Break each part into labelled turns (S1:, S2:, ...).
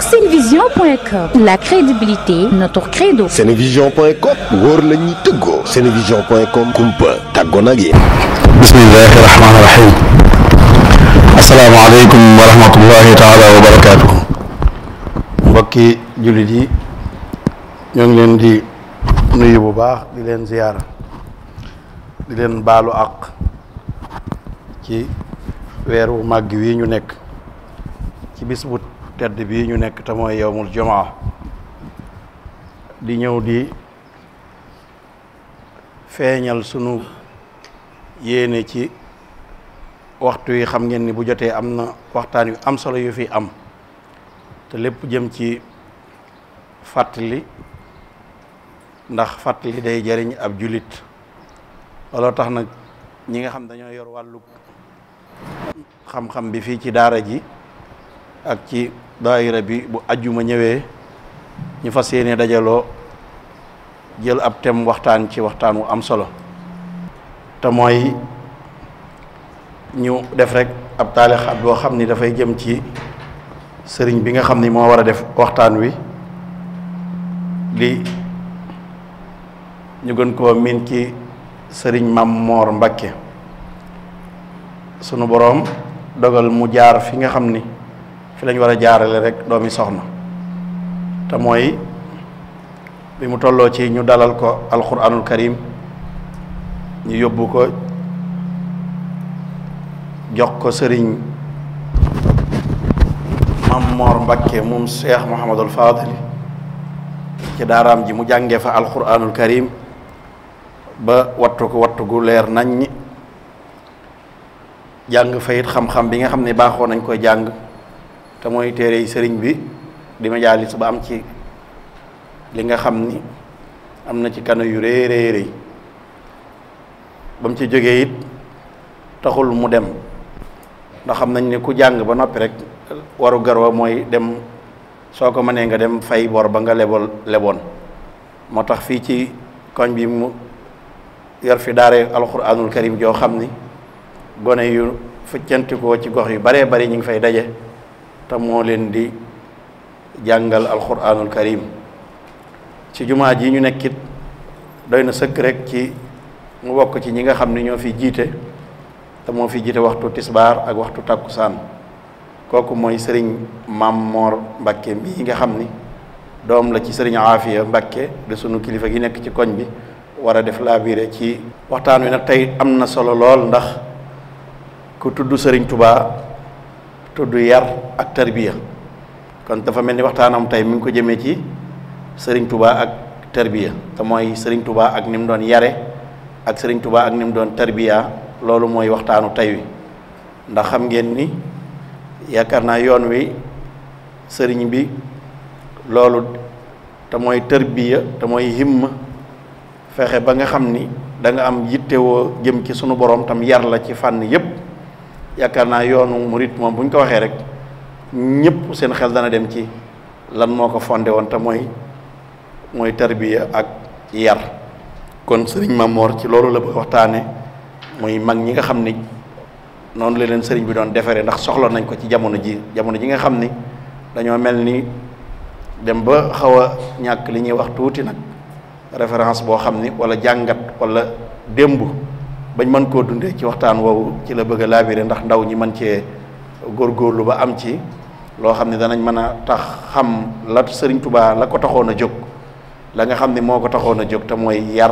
S1: senevision.com la crédibilité notre credo
S2: senevision.com wóor la ñuy tëggoo kumpa tàggoo nag yéen bismillahi rahmaani wa rahmatullahi taala wa barakatuh. mbokki jullit yi leen di nuyu bu baax di leen ziyaara di leen baalu àq ci weer wi ñu ci tedd bi ñu nekk ta moy yawmul jumaa di ñew di feñal sunu yeni ci waxtu yi xam ngeen ni bu jotee am na waxtaan yu am solo yu fi am te lepp jëm ci fatali ndax fatali day jariñ ab julit wala tax nak ñi nga xam dañoo yor walu xam-xam bi fi ci daara ji ak ci daayira bi bu aljuma ñewé ñu fasiyene dajalo jël ab tem waxtaan ci waxtaan wu am solo ta moy ñu def rek ab ab bo xamni ni fay jëm ci sëriñ bi nga xamni ni wara def waxtaan wi li ñu gën ko min ci sëriñ Mam mor mbacké sunu borom dogal mu jaar fi nga xamni fi lañ war a jaarale rek doomi soxna te mooy bi mu tolloo ci ñu dalal ko alquranul karim ñu yóbbu ko jox ko sëriñ Mamor Mbakke moom Cheikh Mouhamadul Fadil ci daaraam ji mu jàngee fa alquranul karim ba wattu ko wattu gu leer nañ ñi jàng fayit it xam-xam bi nga xam ne baaxoo nañ koy jàng te mooy téere yi sëriñ bi di majaalis ba am ci li nga xam ni am na ci kano yu rëy rëy ba mu ci jógee it taxul mu dem ndox xam nañ ne ku jàng ba noppi rek waru garwa mooy dem soo ko mënee nga dem fay bor ba nga lebol leboon moo tax fii ci koñ bi mu yor fi daare alxuraanul karim joo xam ni gone yu fuccantikoo ci gox yu baree bari ñu ngi fay daje te moo leen di jàngal alquranul karim ci jumaa ji ñu nekkit doy na sëkk rek ci mu wokk ci ñi nga xam ne ñoo fi jiite te moo fi jiite waxtu tisbaar ak waxtu tàkkusaan kooku mooy sëriñ Maam Moor Mbakke mii nga xam ni doom la ci sëriñ Aafiya Mbakke de sunu kilifa gi nekk ci koñ bi war a def laabire ci waxtaan wi nag tey am na solo lool ndax ku tudd sëriñ Tubaa tudd yar ak tarbiya kon dafa mel ni waxtaanam tey mi ngi ko jëmee ci sëriñ tubaa ak tarbiya te mooy sëriñ tubaa ak ni doon yare ak sëriñ tubaa ak nim doon tarbiya loolu mooy waxtaanu tey wi ndax xam ngeen ni yaakaar naa yoon wi sëriñ bi loolu te mooy tarbiya te mooy himma fexe ba nga xam ni danga nga am yittewoo jëm ci sunu borom tam yar la ci fànn yépp ya karena yoonu murit mom buñ ko waxee rek ñepp seen xel dana dem ci lan moko fondé won ta moy moy tarbiya ak yar kon mam mor ci loolu la bëgg waxtaane muy mag ñi nga xamni non la leen serigne bi doon defaree ndax soxlo nañ ko ci jamono ji jamono ji nga xamni dañoo melni dem ba xawa ñak li ñi wax tuuti nak référence bo xamni wala jangat wala dembu bañ mën koo dundee ci waxtaan woowu ci la bëgg a laabire ndax ndaw ñi mën cee góorgóorlu ba am ci loo xam ne danañ mën a tax xam la Sëriñ Tuubaa la ko taxoon a jóg la nga xam ne moo ko taxoon a jóg mooy yar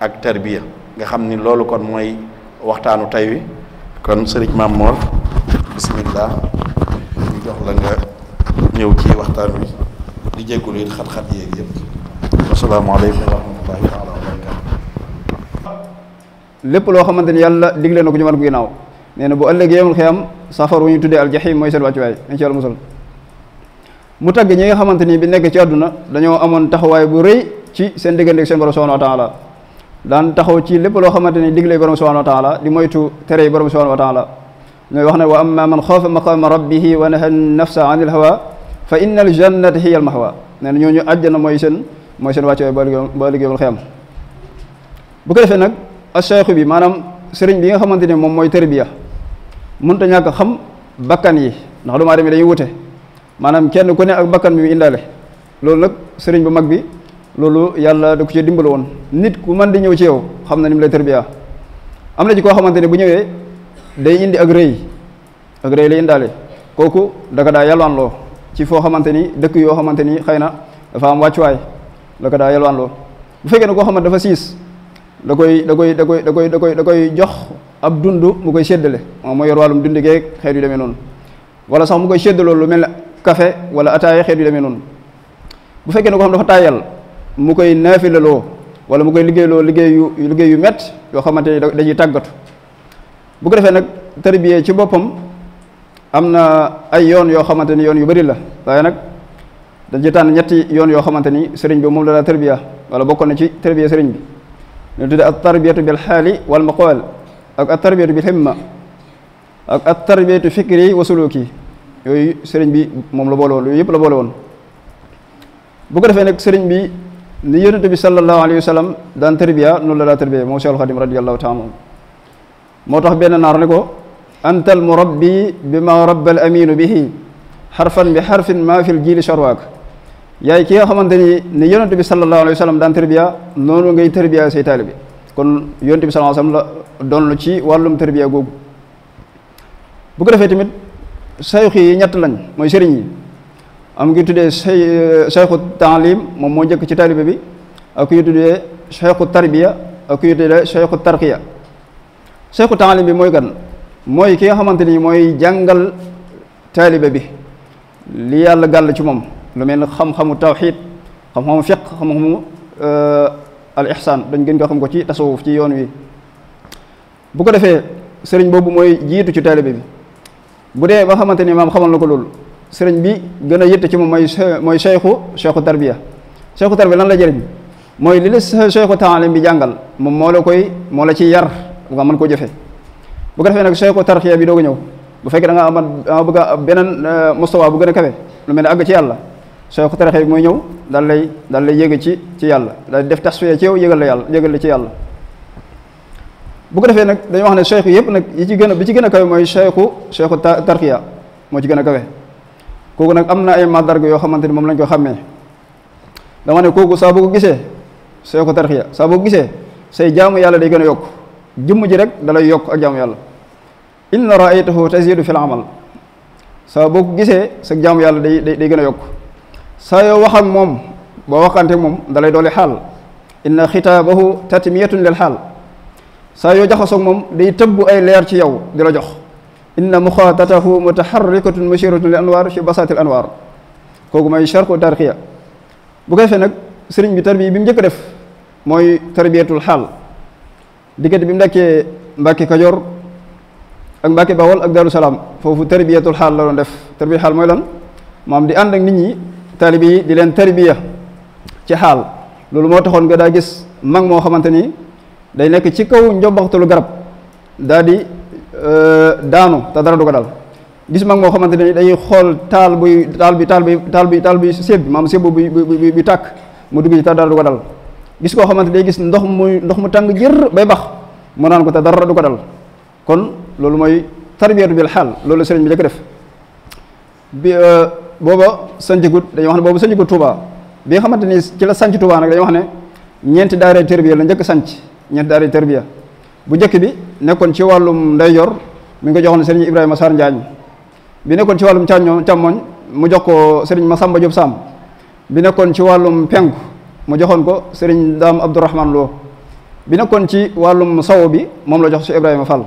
S2: ak tarbiya nga xam ni loolu kon mooy waxtaanu tey wi kon Sëriñ Maam Mor bismillah ñu jox la nga
S1: ñëw ci waxtaan wi di jéggulu it xat-xat yéeg yëpp asalaamaaleykum wa rahmatullahi taala lépp loo xamante ni yàlla digle na ko ñu mën ko ginnaaw nee na bu ëllëgee yamul xiyam safar wu ñu tuddee aljaxiim mooy seen wàccuwaay mu tàgg ñi nga xamante ni bi nekk ci àdduna dañoo amoon taxawaay bu rëy ci seen diggante ak seen borom subhanahu wa taala daan taxaw ci lépp loo xamante ni digle borom subhanahu wa taala di moytu tere borom subhanahu wa taala ñooy wax ne wa amma man xaafa maqaama rabbihi wa naha nafsa an il hawa fa inna al jannata hiya al mahwa nee na ñooñu àjjana mooy seen mooy seen wàccuwaay ba ëllëgee yamul xiyam bu ko defee nag a acheikhu bi maanaam sëriñ bi nga xamante ne moom mooy mun mënta ñàkk a xam bakkan yi ndax doomu aadama dañuy wute maanaam kenn ku ne ak bakkan bi mu indaale loolu nag sëriñ bu mag bi loolu yàlla da ko ci dimbal woon nit ku man di ñëw ci yow xam na ni mu lay tarbiya am na ci koo xamante ne bu ñëwee day indi ak rëy ak rëy lay indaale kooku da ka daa yalwaan loo ci foo xamante ni dëkk yoo xamante ni xëy na dafa am wàccuwaay da daa yalwaan loo bu fekkee da koy da koy da koy da koy da koy da koy jox ab dund mu koy séddale moom moo yor wàllum dund geeg xeet yu demee noonu wala sax mu koy séddaloo lu mel na kafe wala ataaya xeet yu demee noonu bu fekkee ne ko xam dafa tàyyal mu koy naafilaloo wala mu koy liggéeyloo liggéey liggéey yu mett yoo xamante ni dañuy tàggatu bu ko defee nag tarbiyee ci boppam am na ay yoon yoo xamante ni yoon yu bari la waaye nag dañuy tànn ñetti yoon yoo xamante ni sëriñ bi moom la daa tarbiya wala bokkoon na ci tarbiya sëriñ bi lu tudd at tarbiyatu bil xaali wal maqaal ak at tarbiyatu bil himma ak at tarbiyatu fikri wa suluki yooyu sëriñ bi moom la boole woon yooyu yëpp la boole woon bu ko defee nag sëriñ bi ni yonente bi sallallahu alayhi wa sallam daan tarbiya noonu la daa tarbiya moom Seexul Xadim radiyallahu taala moo tax benn naar ne ko antal murabbi bi ma rabbal aminu bihi xarfan bi xarfin maa fil jiili sharwaak yaay ki nga xamante ni ni yonent bi sallallahu alayhi wa sallam daan tërbiya noonu ngay tërbiya say taalibe bi kon yonent bi sallallahu alayhi la doon lu ci wàllum tërbiya googu bu ko defee tamit sayxu yi ñett lañ mooy sëriñ yi am ngi tuddee say sayxu taalim moom moo njëkk ci taalibe bi ak kuy tuddee sayxu tarbiya ak kuy tuddee bi mooy gan mooy ki nga xamante ni mooy jàngal taalibe bi li yàlla gàll ci moom lu mel ne xam-xamu tawxiid xam-xamu fiq xam-xamu euh, al ihsaan dañ gën ko xam ko ci tasawuf ci yoon wi bu ko defee sëriñ boobu mooy jiitu ci taalibe bi bu dee ba xamante ni maam xamal na ko loolu sëriñ bi gën a yëtte ci moom mooy mooy cheikhu cheikhu tarbiya cheikhu tarbiya lan la jëriñ mooy li la cheikhu bi jàngal moom la koy moo la ci yar mën koo jëfe bu ko defee nag cheikhu bi doog a ñëw bu fekkee danga bëgg a beneen euh, mustawa bu gën a lu mel ne àgg ci yàlla soo ko taraxee mooy ñëw daal lay daal lay yëg ci ci yàlla daal def tasfiya ci yow yëgal la yàlla yëgal la ci yàlla bu ko defee nag dañu wax ne cheikh yëpp nag yi ci gën a bi ci gën a kawe mooy cheikhu cheikhu tarqiya moo ci gën a kawe kooku nag am na ay màndarga yoo xamante ni moom lañ ko xàmmee dama ne kooku saa boo ko gisee cheikhu tarqiya saa boo ko gisee say jaamu yàlla day gën a yokk jëmm ji rek dalay yokk ak jaamu yàlla in raaytahu tazidu fil amal saa boo ko gisee sa jaamu yàlla day day gën a yokk saa yoo wax moom boo waxante moom dalay doole xaal inna xitaabahu tatmiyatun lil xaal saa yoo jaxasoog moom day tëbb ay leer ci yow di la jox inna muxaatatahu mutaxarrikatun mushiratun lil anwaar fi basaatil anwaar kooku mooy charqu tarqiya bu koy fee nag sëriñ bi tarbiya bi mu njëkk def mooy tarbiyatul xaal diggante bi mu nekkee Mbàkke Kajoor ak Mbàkke Bawol ak Daaru Salaam foofu tarbiyatul xaal la doon def tarbiyatul xaal mooy lan maam di ànd ak nit ñi talibi di len tarbiya ci hal lolu mo taxone nga da gis mag mo xamanteni day nek ci kaw njombaxtalu garab dadi euh daanu ta dara du ko dal gis mag mo xamanteni day xol tal bu tal bi tal bi tal bi tal bi seb bi maam séb bu bu bu mu dugg ci ta dara du ko dal gis ko xamanteni day gis ndox mu ndox mu tang jir bay bax mo nan ko ta dara du ko dal kon lolu moy tarbiyatu bil hal lolu serigne bi def bi euh, booba sanjgut dañuy wax ne boobu sanjgut Touba bi nga xamante ni ci la sanc Touba nag dañuy wax ne ñeenti daara terbiya la njëkk sanc ñeenti daara terbiya bu njëkk bi nekkoon ci wàllum ndeyjoor mi ngi ko joxoon Serigne Ibrahima Sarr Njaañ bi nekkoon ci wàllum càmmoñ càmmoñ mu jox ko Serigne Massamba Diop Samb bi nekkoon ci wàllum penku mu joxoon ko Serigne Dame Abdourahmane bi nekkoon ci wàllum sawo bi moom la jox si Ibrahima fal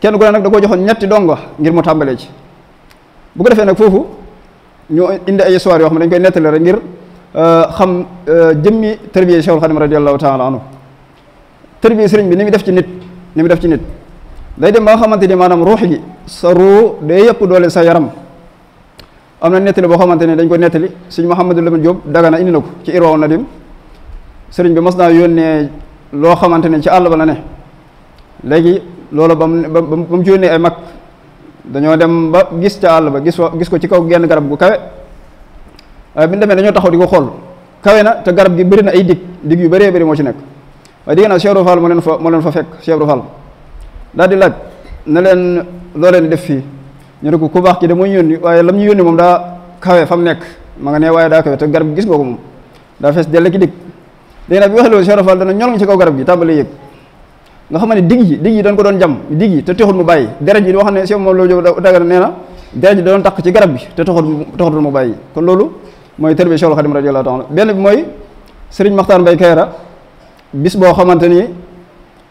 S1: kenn ku ne nag da koo joxoon ñetti dongo ngir mu tàmbalee ci bu ko defee nag foofu. ñu indi ay histoire yoo xam dañ koy nettali rek ngir euh, xam euh, jëmmi tërbiye Cheikhul Khadim radiyallahu taala anhu tërbiye sëriñ bi ni mu def ci nit ni mu def ci nit day dem ba nga xamante ni maanaam ruux gi day yëpp doole sa yaram am na nettali boo xamante ne dañ ko nettali sëñ Mouhamadou Lamine Diop Dagana indi na ko ci Irwaa'u Nadim sëriñ bi mas naa yónnee loo xamante ne ci àll ba la ne léegi loolu ba mu ba mu ci yónnee ay mag dañoo dem ba gis ca àll ba gis gis ko ci kaw genn garab gu kawe waaye bi ñu demee dañoo taxaw di ko xool kawe na te garab gi bëri na ay dig dig yu bëree bëri moo ci nekk waaye dégg naa Cheikh Fall moo leen fa moo leen fa fekk Cheikh Fall daal di laaj ne leen loo leen def fii ñu ne ko ku baax ki de moo ñu yónni waaye lam ñu yónni moom daa kawe fam nekk ma nga ne waaye daa kawe te garab gis nga ko moom daa fees dell ki dig dégg naa bi waxee loolu Cheikh Fall dana ñol ci kaw garab gi tàmbali yëg nga xamane dig yi dig yi dañ ko doon jam dig yi te taxul mu bàyyi deret yi wax ne mom lo loolu dagal neena na deret yi doon takk ci garab bi te taxul taxul mu bàyyi kon lolu moy tërbi Cheikh Khadim radhiyallahu ta'ala ben bi moy Serigne Makhtar Mbaye Kayra bis bo xamanteni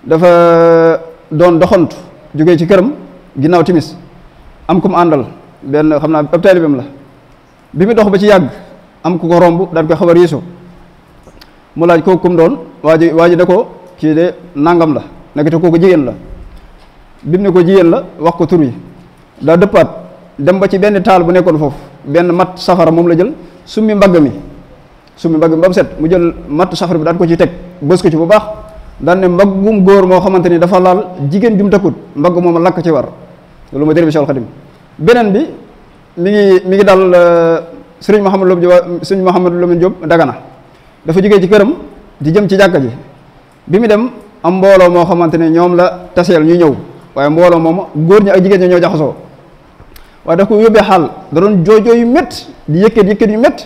S1: dafa doon doxantu joge ci kërëm ginnaaw timis am kum andal ben xamna ab taalibam la bi mi dox ba ci yag am ku ko rombu dal ko xabar yeso mu laaj ko kum doon waji waji dako ki de nangam la ndekete kooku jigéen la bi mu ko jigéen la wax ko turi yi daa dëppaat dem ba ci benn taal bu nekkoon foofu benn mat safara moom la jël summi mbagg mi summi mbagg mi ba mu set mu jël matt safara bi daan ko ci teg bës ko ci bu baax daan ne mbaggum góor moo xamante ni dafa laal jigéen jum takkut mbagg moom lakk ci war loolu mooy dérbi Cheikhul Khadim beneen bi mi ngi mi ngi dal euh, sëriñ Mouhamadou Lamine Diop sëriñ Mouhamadou Lamine Diop Dagana dafa jógee ci këram di jëm ci jàkka ji bi mu dem. am mbooloo moo xamante ne ñoom la taseel ñu ñëw waaye mbooloo moom góor ñi ak jigéen ñi ñoo jaxasoo waaye daf ko yóbbee xaal da doon joojoo yu métti di yëkkat yëkkat yu métti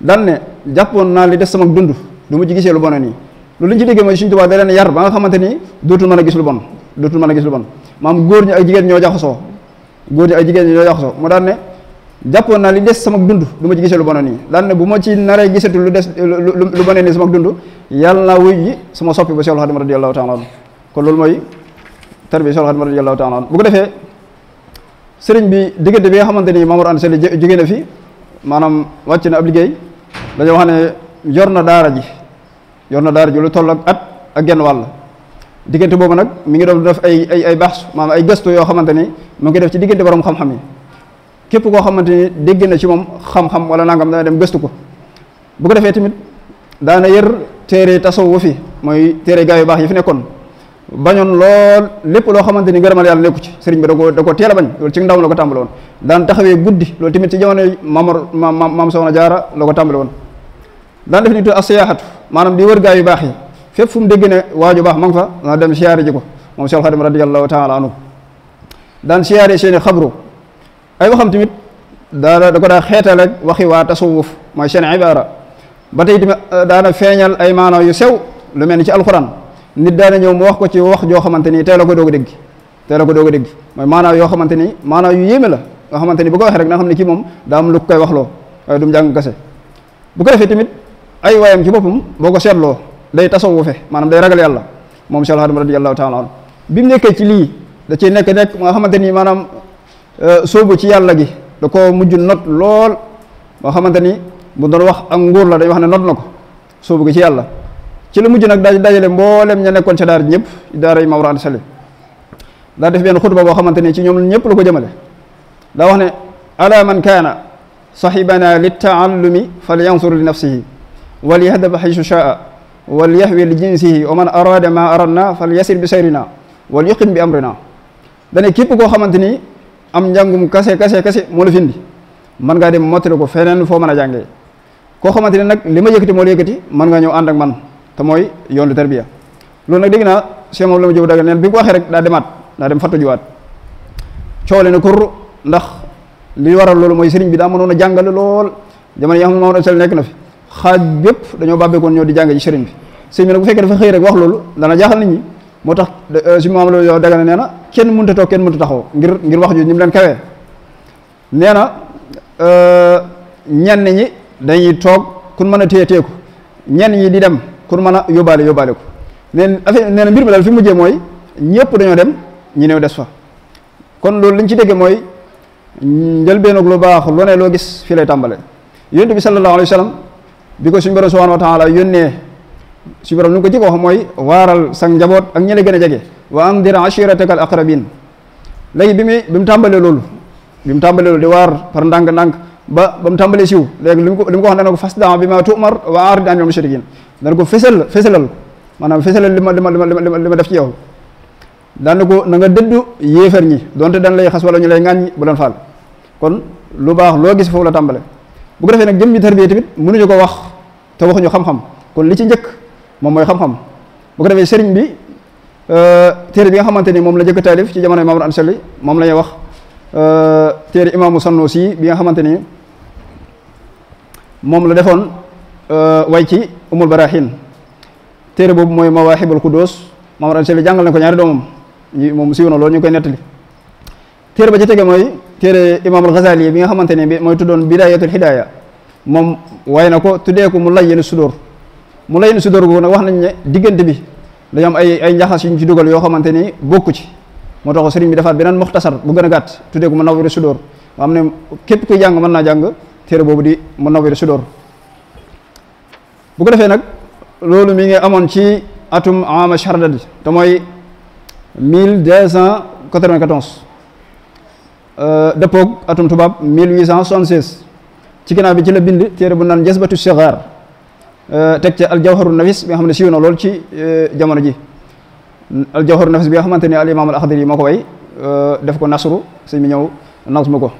S1: daan ne jàppoon naa li des sama dund du mu ci gisee lu bon nii loolu li ñu ci déggee mooy Sëriñ Tuubaa yar ba nga xamante ni dootul a gis lu bon dootul a gis lu maam góor ñi ak jigéen ñoo jaxasoo góor ñi ak jigéen mu daan jàppoon na li des sama dundu duma ci gisselu bonani bona nii daan ne bu ci nare gisselu lu dess lu bonani sama dundu yalla wuyi sama soppi ba Seexul Xadim radiyallahu taala kon lol moy tarbi Seexul Xadim radiyallahu taala bu ko defé serigne bi diggante bi nga xamanteni ni Mamour Anta Sali jogé na fi manam wàcc na ab liggéey dañoo wax ne yor na ji yor dara ji lu toll ak at ak genn wal bobu nak mi ngi do def ay ay ay bahs ay gesto yo xamanteni mo ngi def ci diggante borom xam-xam képp koo xamante ni dégg na ci moom xam-xam wala nangam dana dem gëstu ko bu ko defee tamit daana yër téere wofi, fi mooy téere gaa yu baax yi fi nekkoon bañoon lool lépp loo xamante ni ngërëmal yàlla nekku ci sëriñ bi da ko da ko teel a bañ loolu ci ndaw la ko tàmbale woon daan taxawee guddi loolu tamit ci jamono mamor maam soxna jaara la ko tàmbale woon daan def ni tudd asiyaxatu maanaam di wër gaa yu baax yi fépp fu mu dégg ne waaju baax ma nga fa dana dem ji ko moom Cheikh Khadim taala anhu daan xabru ay waxam tamit daana da ko daa xeetal ak waxi waa tasawuf mooy seen ibaara ba tey eh, daana feeñal ay maanaa yu sew lu mel ni ci alxuraan nit daana ñëw mu wax ko ci wax joo xamante ni teel a ko doog a dégg teel ko doog a dégg mooy maanaa yoo xamante ni maanaa yu yéeme la nga xamante ni bu ko waxee rek na xam ne kii moom daa am lu koy waxloo waaye du mu jàng kase bu ko defee tamit ay waayam ci boppam boo ko seetloo day tasawufe maanaam day ragal yàlla moom Cheikh Xaadim radiyallahu taala anhu bi mu Euh, sóobu ci yàlla gi da ko mujj not lool boo xamante ni bu doon wax ak nguur la dañ wax ne not na ko sóobu gi ci yàlla ci lu mujj nag da dajale mboolem ña nekkoon ca daara ñëpp daara yi Maodo Anta Sali daa def benn xutba boo xamante ni ci ñoom ñëpp la ko jëmale daa wax ne ala man kaana sahibana litaallumi falyansur li nafsihi walyahdab haysu shaa walyahwi li jinsihi wa man arada ma aradna falyasir bi sayrina walyuqim bi amrina dane képp koo xamante am jangum kase kase kase mo la findi man nga dem mottali ko fenen fo meuna jangé ko xamanteni nak lima yëkëti mo la ñëw and ak man ta moy yoonu tarbiya lu nak dégg naa Cheikh moom ma jëw dagal neen bi ko waxe rek da demat da dem fatu juwat ciolé na kur ndax li waral lolu moy serigne bi da mënoon a jàngale lool dama yi mo Mamadou Sall nekk na fi xaaj dañu dañoo kon ñoo di jangé ci serigne bi serigne nak bu fekkee dafa xey rek wax lolu dana jaxal nit ñi moo tax euh, si moom la yow dagana nee na kenn mënut a toog kenn mënut a taxaw ngir ngir wax ju ñu leen kawee nee na euh, ñenn ñi dañuy toog kun mën a téye téye ko ñenn ñi di dem kun mën a yóbbaale yóbbaale ko neen affaire nee na mbir mi daal fi mujjee mooy ñëpp dañoo dem ñi new des fa kon loolu li ci déggee mooy njëlbeen ak lu baax lu ne loo gis fii lay tàmbale yonent bi sallallahu alayhi wa sallam bi ko suñu borom subhanahu wa taala yónnee su borom lu ko jëkk wax mooy waaral sa njaboot ak ñi la gën a jege wa andir ashirataka al aqrabin léegi bi muy bi mu tàmbalee loolu bi mu tàmbalee loolu di waar par ndànk-ndànk ba ba mu tàmbalee siw léegi lu mu ko li mu ko wax dana ko bi ma tu'mar wa arid anil mushrikin dana ko fésal fésalal maanaam fésalal li ma li ma li ma li ma def ci yow daan ko na nga dëddu yéefar ñi donte dan lay xas wala ñu lay ŋàññi bu leen faal kon lu baax loo gis foofu la tàmbale bu ko defee nag jëm ñi tarbiya tamit mënuñu ko wax te waxuñu xam-xam kon li ci njëkk mom moy xam-xam bu ko defee serigne bi euh, téré bi nga xamanteni mom la jëk talif ci jamono Mamadou Ansali moom la ñuy wax euh, téere imaamu Sanusi bi nga xamanteni mom la defon euh way ci umul barahin téré bobu moy mawahibul qudus Mamadou Ansali jangal nako ñaari doomam ñu mom siwna na ñu koy netali téré ba ci tege téré imam al Ghazali bi nga xamanteni moy tudon bidayatul hidayah mom Hidaaya moom way ko mu layyinu sudur mu lay nu si dóor googu nag wax nañ ne diggante bi dañoo am ay ay njaxas yu ñu ci dugal yoo xamante ni bokku ci moo tax sëriñ bi defaat beneen muxtasar bu gën a gàtt tuddee ko Munawwirus Sudur nga xam ne képp kuy jàng mën naa jàng téere boobu di Munawwirus Sudur bu ko defee nag loolu mi ngi amoon ci atum ama chardadi te mooy mille deux cent quatre-vingt-quatorze euh, dëppoog atum tubaab mille huit cent soixante-seize ci ginnaaw bi ci la bind téere bu naan Jazbatu Sigaar Euh, teg ca al jawharu nafis bi nga xam ne siiw na lool ci euh, jamono ji al jawharu nafis bi nga xamante ne al imaam al axdari moo ko way euh, def ko nasru sëñ bi ñëw nasma ko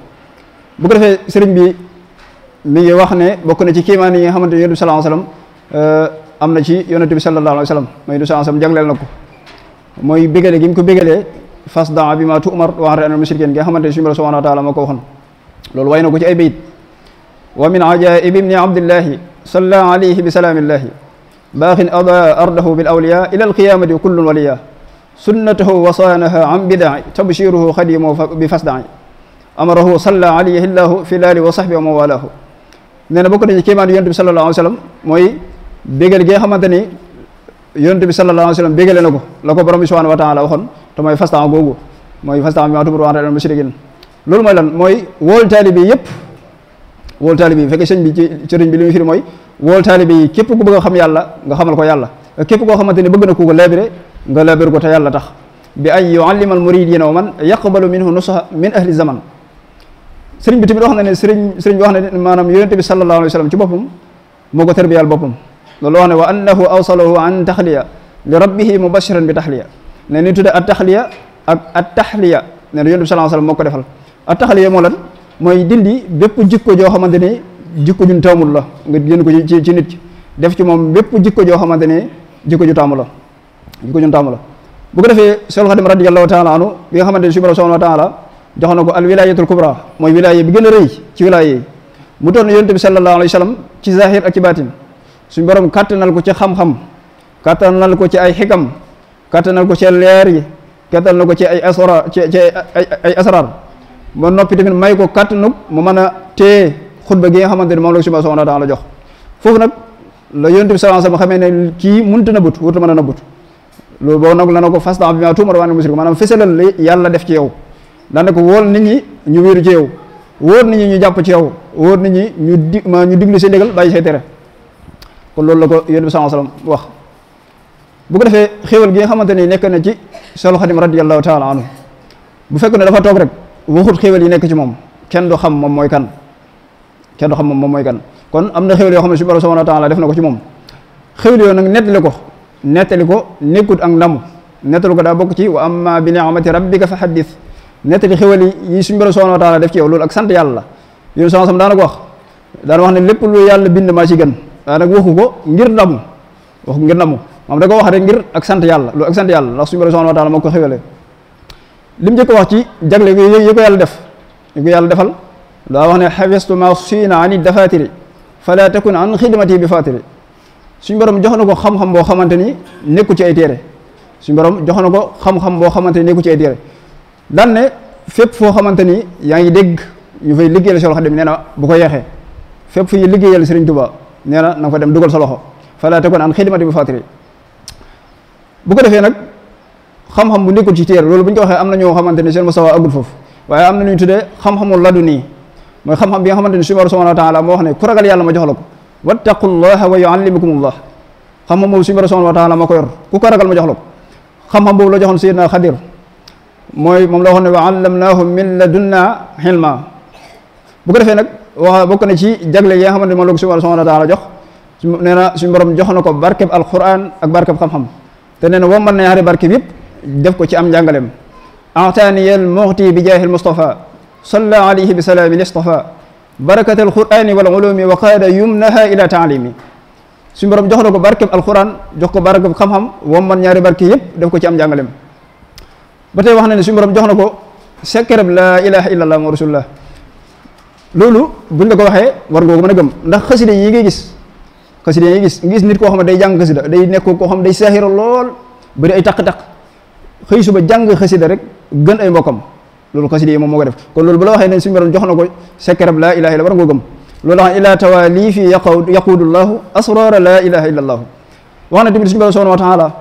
S1: bu ko defee sëriñ bi mi ngi wax ne bokk na ci kéemaan yi nga xamante ne yonent bi sallallahu alayhi na ci yonent bi sallallahu alayhi wasallam mooy du na ko mooy bégale gi mu ko bégalee fas daa bi ma tu umar waxante anal musrikin nga xamante ne suñu borom subhanahu wa taala moo ko waxoon loolu way na ko ci ay bayit wa min ajaa'ibi ibni abdillahi صلى عليه بسلام salaam باخ أضاء أرضه بالأولياء إلى القيامة كل وليا سنته وصانها عن بدع تبشيره خديم بفسدع أمره صلى عليه الله في لال وصحبه ومن والاه nee na bokk na ci kéemaanu mooy bégal gi nga xamante ni yonent bi sallallahu alayhi wa sallam bégale na ko la ko borom bi subhanahu wa taala waxoon te mooy fastan googu mooy fastan bi maa tubaru mushrikin loolu mooy lan mooy wóol taalibe yëpp wool taalibe yi bu fekkee sëñ bi ci sëriñ bi li muy firi mooy wool taalibe yi képp ku a xam yàlla nga xamal ko yàlla képp koo xamante ne bëgg na ku ko laabire nga laabir ko te yàlla tax bi ay yuallima al muridina wa man yaqbalu minhu nusaha min ahli zaman sëriñ bi tamit wax na ne sëriñ sëriñ bi wax na ne maanaam yonente bi sallallahu alayhi wa sallam ci boppam moo ko tarbiyal boppam loolu wax ne wa annahu awsalahu an taxliya li rabbihi mubashiran bi taxliya ne ni tudde at taxliya ak at taxliya ne yonente bi sallallahu alayhi wa sallam moo ko defal at taxliya moo mooy dindi bépp jikko joo xamante ni jikko jun taamul la nga génn ko ci ci nit ki def ci moom bépp jikko joo xamante ni jikko ju taamu la jikko jun taamu la bu ko defee Seex Xaadim radiyallahu taala anhu bi nga xamante ni suñu borom subhanahu jox na ko al wilayatul kubra mooy wilaya bi gën a rëy ci wilaya yi mu toon yonent bi sallallahu alayhi wa sallam ci zahir ak ci baatin suñu borom kàttanal ko ci xam-xam kàttanal ko ci ay xikam kàttanal ko ci leer yi kàttanal ko ci ay asra ci ay ay asrar ba noppi tamit may ko kàttanug mu man a téye xutba gi nga xamante ne moom la ko na wa taala jox foofu nag la yonent bi sallallahu alayhi wa sallam xamee ne kii mënut a nëbbut wut mën a nëbbut nag la na ko fastan bi ma tuumar wa anil musrik maanaam fësalal li yàlla def ci yow daana ko wóor nit ñi ñu wéeru ci yow wóor nit ñi jàpp ci yow wóor nit ñi ñu di ñu diglu seen dégal bàyyi say tere kon loolu la ko yonent bi wa wax bu ko defee xéwal gi nga xamante ne nekk na ci Seexul Xadim radiyallahu taala anhu bu fekk ne dafa toog rek waxut xéewal yi nekk ci moom kenn du xam moom mooy kan kenn du xam moom moom mooy kan kon am na xéewal yoo xam ne suñu borom subhanahu wa taala def na ko ci moom xéewal yoo nag nettali ko nettali ko nekkut ak ndamu nettali ko daa bokk ci wa amma bi ni'mati rabbika fa haddith nettali xéewal yi suñu borom subhanahu wa taala def ci yow loolu ak sant yàlla la yéen sama daana ko wax daana wax ne lépp lu yàlla bind maa ci gën daanaka waxu ko ngir ndamu waxu ngir da ko wax ngir ak yàlla loolu ak sant yàlla ndax moo ko xéewale li mu njëkk wax ci jagle yi ko yàlla def yi ko yàlla defal daa wax ne xafistu ma siina naa ni fala takun an xidmati bi fatiri suñ borom jox na ko xam-xam boo xamante ni nekku ci ay téere suñ borom jox na ko xam-xam boo xamante ni nekku ci ay téere daan ne fépp foo xamante ni yaa ngi dégg ñu fay liggéeyal Seexul Xadiim nee na bu ko yeexee fépp fu ñuy liggéeyal Sëriñ Tuubaa nee na na nga fa dem dugal sa loxo fala takun an xidmati bi fatiri bu ko defee nag xam-xam bu nekkul ci téere loolu bu ñu ko waxee am na ñoo xamante ne seen mustawa agul foofu waaye am na ñu tuddee xam-xamul laduni mooy xam-xam bi nga xamante ne suñu borom subhanahu wa taala moo wax ne ku ragal yàlla ma jox la ko wattaqullaha wa yuallimukumullah xam-xam boobu suñu borom subhanahu wa taala ma ko yor ku ko ragal ma jox la ko xam-xam boobu la joxoon sayyidina Xadir mooy moom la waxoon ne wa allamnaahu min ladunna xilma bu ko defee nag wax bokk na ci jagle yi nga xamante ne moom la ko suñu borom subhanahu wa taala jox nee na suñu borom jox na ko barkeb alquran ak barkeb xam-xam te nee na woo mën na ñaari barkeb yëpp def ko ci am njàngalem ataaniyal muxti bi jaahil mustafa salla alayhi bi salaami listafa barakat alqurani wal ulumi wa qaada yumnaha ila taalimi su borom jox na ko barkeb alquran jox ko barkeb xam-xam wam ñaari barke yëpp def ko ci am njàngalem ba tey wax na ne suñu borom jox na ko sekkereb laa ilaha illa allah mu rasulullah loolu buñ la ko waxee war nga ko mën a gëm ndax xasida yi ngay gis xasida yi ngay gis gis nit koo xam ne day jàng xasida day nekk koo xam ne day saaxira lool ay taq-taq xëy suba jàng xasida rek gën ay mbokkam loolu xasida yi moom moo ko def kon loolu bu la waxee ne suñu borom jox na ko sekkarab laa ilaha illa war nga gëm loolu wax ila tawali fi yaquudullahu asrara laa ilaha illa allahu wax na tamit suñu borom subhanahu wa taala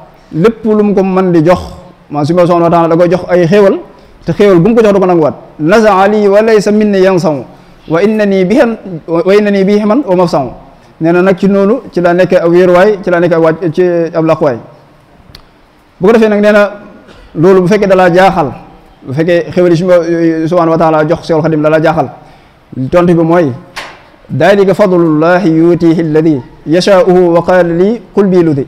S1: mu ko mën di jox maa suñu borom subhanahu wa taala da koy jox ay xéewal te xéewal bu ko jox da ko nanguwaat nasaa lii wa laysa minni yansamu wa inna nii bihan wa inna nii bihi man wa mafsamu nee na nag ci noonu ci laa ci laa nekk ab waaj ci ab laqwaay bu ko defee nag nee loolu bu fekkee dalaa jaaxal bu fekkee xéwal yi subhaanahu wa taala jox Seexul Xadim dalaa jaaxal tontu bi mooy daalika fadlullahi yuutihi alladi yashaauhu wa qaala lii qul bii ludi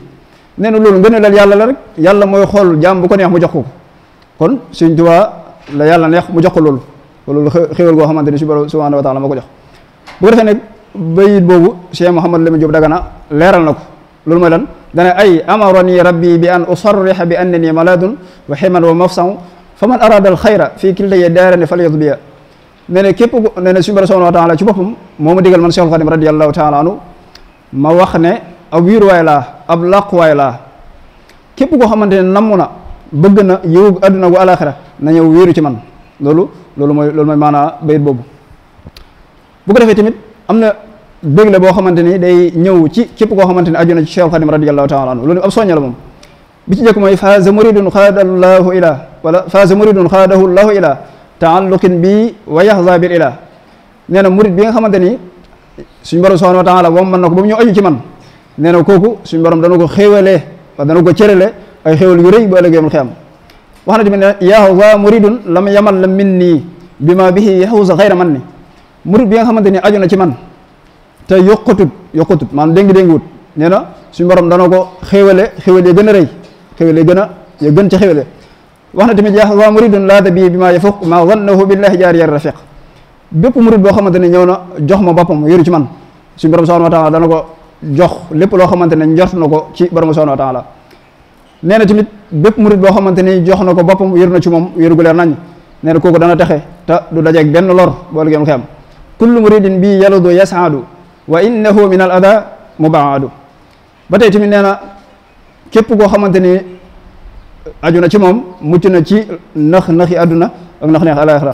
S1: nee na loolu ngëneelal yàlla la rek yàlla mooy xool jaam bu ko neex mu jox ko kon Sëñ Tuubaa la yàlla neex mu jox ko loolu loolu xéwal goo xamante ni subhaanahu wa taala moo ko jox bu ko defee nag bayit boobu Cheikh Mouhamadou Lamine Diop Dagana leeral na ko loolu mooy lan dana ay amarani rabbi bi an usarriha bi annani maladun wa himan wa mafsan fa man arada al xayra fii kiltaye daarani falyatbiya nee na képp nee na so borom subhanahu wa ci boppam moo ma digal man Cheikhul Khadim ma wax ne ab wiiruwaay laa ab làquwaay laa képp koo xamante ne namm na bëgg na yiwu adduna gu alaxira na ñëw wéeru ci man loolu loolu mooy loolu mooy maanaa bayit boobu bu ko defee am na bëgg la boo xamante ni day ñëw ci képp koo xamante ni aju na ci Cheikhul Khadim radiyallahu taala anhu loolu ab soñña la moom bi ci jëkk mooy faaza muridun xaadahu llahu ila wala faaza muridun xaadahu llahu ila taalluqin bi wa yahza bil ila nee na murid bi nga xamante ni suñu borom subhanahu wa taala moom mën na ko ba mu ñëw aju ci man nee na kooku suñu borom dana ko xéewalee wa dana ko cërale ay xéewal yu rëy bu ëllëg yomul xiyam wax na tamit ne yahza muridun lam yamal la min nii bi ma bihi yahza xayra man ni murid bi nga xamante ni aju na ci man te yokkutut yokkutut maanaam déngi déngi wut nee na suñu borom dana ko xéwale xéwal ya gën a rëy xéwal ya gën a ya gën ca xéwale wax na tamit yaa wa muridun laa tabii bi maa yafuq maa wannahu billahi jaar bépp murid boo xamante ne ñëw na jox ma boppam yëru ci man suñu borom subhanahu wa dana ko jox lépp loo xamante ne njort na ko ci borom subhanahu wa taala nee na tamit bépp murid boo xamante ni jox na ko boppam yëru na ci moom yëru gu leer nañ nee na kooku dana texe te du dajeeg benn lor boolu géem xe am kullu muridin wa innahu min al ada mubaadu ba tey tamit nee na képp koo xamante ni aju na ci moom mucc na ci nax naxi àdduna ak nax neex alaxira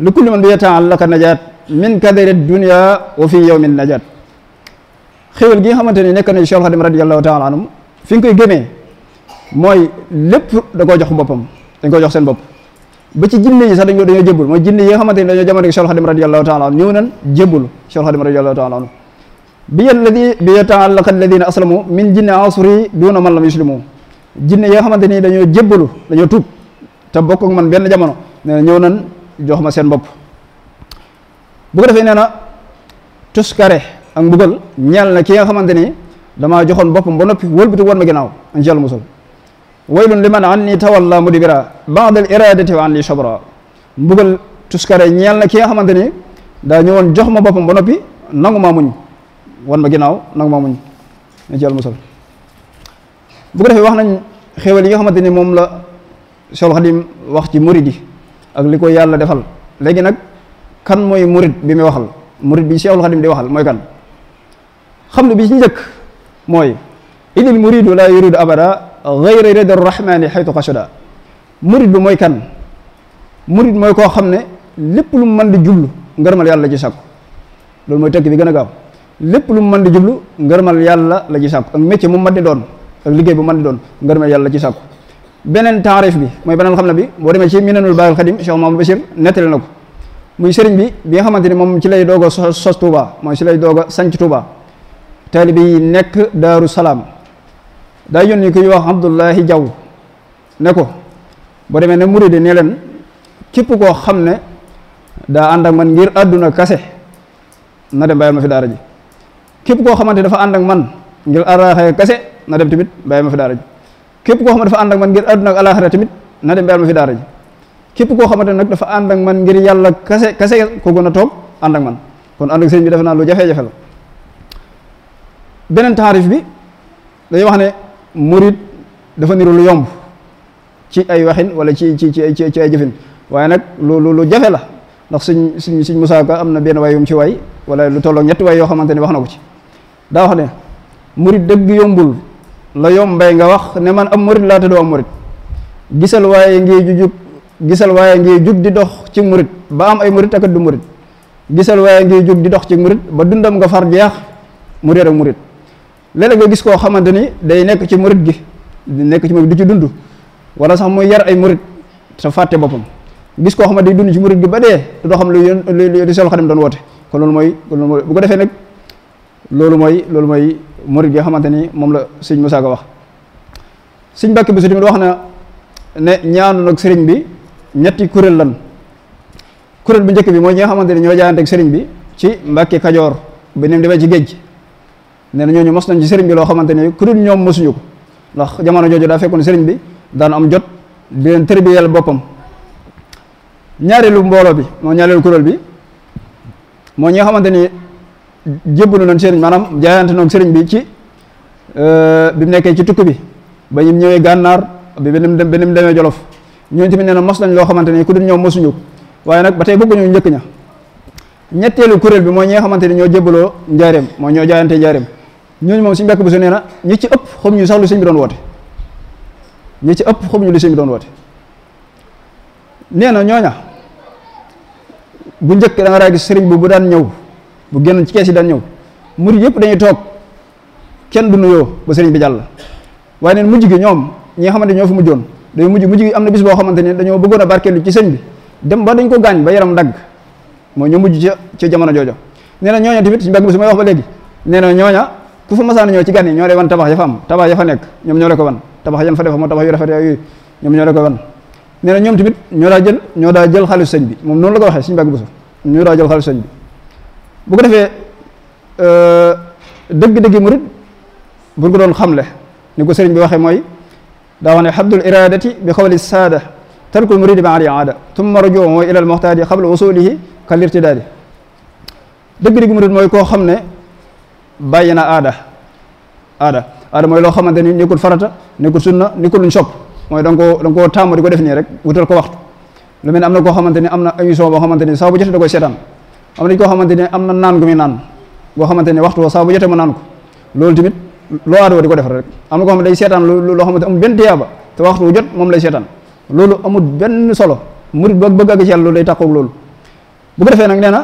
S1: lu kulli man bi yataallaka najaat min kadari dunia wa fi yawmin najaat xéwal gi nga xamante ni nekk na Cheikh Khadim radiyallahu taala anhu fi nga koy gëmee mooy lépp da koo jox boppam dañ koo jox seen bopp ba ci jinne yi sax dañoo dañoo jébul mooy jinne yi nga xamante ni dañoo jamono Cheikhul Khadim radiyallahu taala anhu ñëw nan jébul Cheikhul Khadim radiyallahu taala anhu bi alladi bi yata'allaqa alladina aslamu min jinne asri yi nga xamante ni dañoo jébbalu dañoo tuub te bokk ak man benn jamono nee na ñëw nan jox ma seen bopp bu ko defee nee na tuskare an mbugal ñeel na ki nga xamante ni damaa joxoon boppam ba noppi wëlbati woon ma ginnaaw incha allah musul waylun liman anni tawalla mudbira baada al iradati wa anni sabra mbugal tuskare ñeel na ki nga xamante ni daa ñëwoon jox ma boppam ba noppi nangu maa muñ wan ma ginnaaw nangu maa muñ ñu ci al musal bu ko wax nañ xéewal li nga xamante ni moom la Seex Xaadim wax ci murid yi ak li ko yàlla defal léegi nag kan mooy murid bi muy waxal murid bi Seexul Xadim di waxal mooy kan xam lu bi ci njëkk mooy idil muridu la yuridu abada ghayra ridar rahman haythu qashada murid bi moy kan murid moy ko xamne lepp lu man di jublu ngeermal yalla la ci sàkku loolu mooy tekk bi gëna gaw mandi lu man di jublu ngeermal yalla la ci sakku ak metti mu man di doon ak liggey bu man di doon ngeermal yalla la ci sàkku beneen taarif bi moy benen xamna bi bo demé ci minanul baal khadim Cheikh Mamadou bashir nettali nako muy serigne bi bi nga xamanteni mom ci lay dogo sos Touba moy ci lay dogo a Touba talibi nek nekk salam daa yónni ku ñuy wax Abdullahi Jaw ne ko boo demee ne muride ne leen képp koo xam ne daa ànd ak man ngir àdduna kase na dem bàyyi ma daara ji képp koo xamante dafa ànd ak man ngir alaaxira kase na dem tamit bàyyi ma fi daara ji képp koo xamante dafa ànd ak man ngir àdduna ak alaaxira tamit na dem bàyyi ma fi daara ji képp koo xamante nag dafa ànd ak man ngir yàlla kase kase ko gën a toog ànd man kon ànd ak sëñ bi defe naa lu jafe-jafe la beneen taarif bi dañuy wax ne murit dafa niru lu yomb ci ay waxin wala ci ci ci ci ay jëfin waaye nag lu lu jafe la ndax suñ suñ suñ Musaa Ka am na benn waay yum ci waay wala lu tollook ñetti waay yoo xamante ni wax na ko ci daa wax ne murit dëgg yombul la yombay nga wax ne man am murit laa te doo am murit gisal waaye ngi gisal waaye ngi jug di dox ci murit ba am ay murit ak du murit gisal waaye ngi jug di dox ci murit ba dundam nga far jeex mu réer ak murit léeg-léeg nga gis koo xamante ni day nekk ci murit gi nekk ci murit di ci dund wala sax muy yar ay murit te fàtte boppam gis koo xamante day dund ci murit gi ba dee te doo xam lu yéen lu lu Seexul Xadim doon woote kon loolu mooy loolu mooy bu ko defee nag loolu mooy loolu mooy murit gi nga xamante ni moom la sëñ Moussa Ka wax sëñ Mbàkke Busso tamit wax na ne ñaanu nag sëriñ bi ñetti kuréel lan kuréel bu njëkk bi mooy ñi nga xamante ni ñoo jaayante ak sëriñ bi ci Mbàkke Kajoor bi ni mu demee ci géej nee ñoo ñu mos nañ ci sëriñ bi loo xamante ne ku dul ñoom mosuñu ko ndax jamono jooju daa fekkoon sëriñ bi daan am jot di leen tërbiyal boppam ñaareelu mbooloo bi moo ñaareelu kuréel bi moo ñi nga xamante ni jébbalu nañ sëriñ maanaam jaayante noog sëriñ bi ci euh, bi mu nekkee ci tukki bi ba ñu ñëwee gànnaar bi benim dem benim demé jolof ñoo tamit nee na mos nañ loo xamante ni ku dul ñoom mosuñu ko waaye nag ba tey bëgguñu njëkk ña ñetteelu kuréel bi mooy ñi xamante ni ñoo jébbaloo njaareem mooy ñoo jaayante njaareem ñooñu moom si bekk bu su nee na ñi ci ëpp xam ñu sax lu sëñ bi ci ëpp xam ñu lu sëñ doon woote nee na ñooña bu njëkk da nga gis sëriñ bu daan ñëw bu génn ci kees yi daan ñëw murid yëpp dañuy toog kenn nuyoo ba sëriñ bi jàll waaye neen mujj gi ñoom ñi nga xamante ñoo fi mujjoon dañoo mujj mujj gi am na bis boo xamante ne dañoo bëggoon a barkeelu ci sëñ bi dem ba ko gaañ ba yaram dagg mooy ñoo mujj ci ci jamono joojo nee na ñooña tamit su may wax ba léegi nee na ñooña ku fa masaan ñëw ci gan yi ñoo lay wan tabax ya fa am tabax ya fa nekk ñoom ñoo la ko wan tabax yan fa def moo tabax yu rafet yooyu ñoom ñoo la ko wan nee na ñoom tamit ñoo daa jël ñoo daa jël xaalis sañ bi moom noonu la ko waxee suñu bàgg bu ñoo daa jël xaalis sëñ bi bu ko defee euh, dëgg-dëgg murid buñ ko doon xamle ni ko sëriñ bi waxee mooy daa wax ne xabdul iradati bi xawli saada tarkul muridi ma ali aada tumma rujuuhu ila al muxtaadi qabla usulihi kal irtidaadi dëgg-dëgg murid mooy koo xam ne bàyyi na aada aada aada mooy loo xamante ni nekkul farata nekkul sunna nekkul luñ sopp mooy da nga koo da nga koo taamu di ko def nii rek wutal ko waxtu lu mel ne am na ko xamante ni am na émission boo xamante ni saa bu jotee da koy seetaan am nañ koo xamante ni am na naan gu muy naan boo xamante ni waxtu woo saa bu jotee mu naan ko loolu tamit loo aadoo di ko def rek am na ko xam ne day seetaan loo xamante amul benn tiyaaba te waxtu wu jot moom lay seetaan loolu amul benn solo murit ba bëgg àgg ci yàlla loolu day tàqoog loolu bu ko defee nag nee na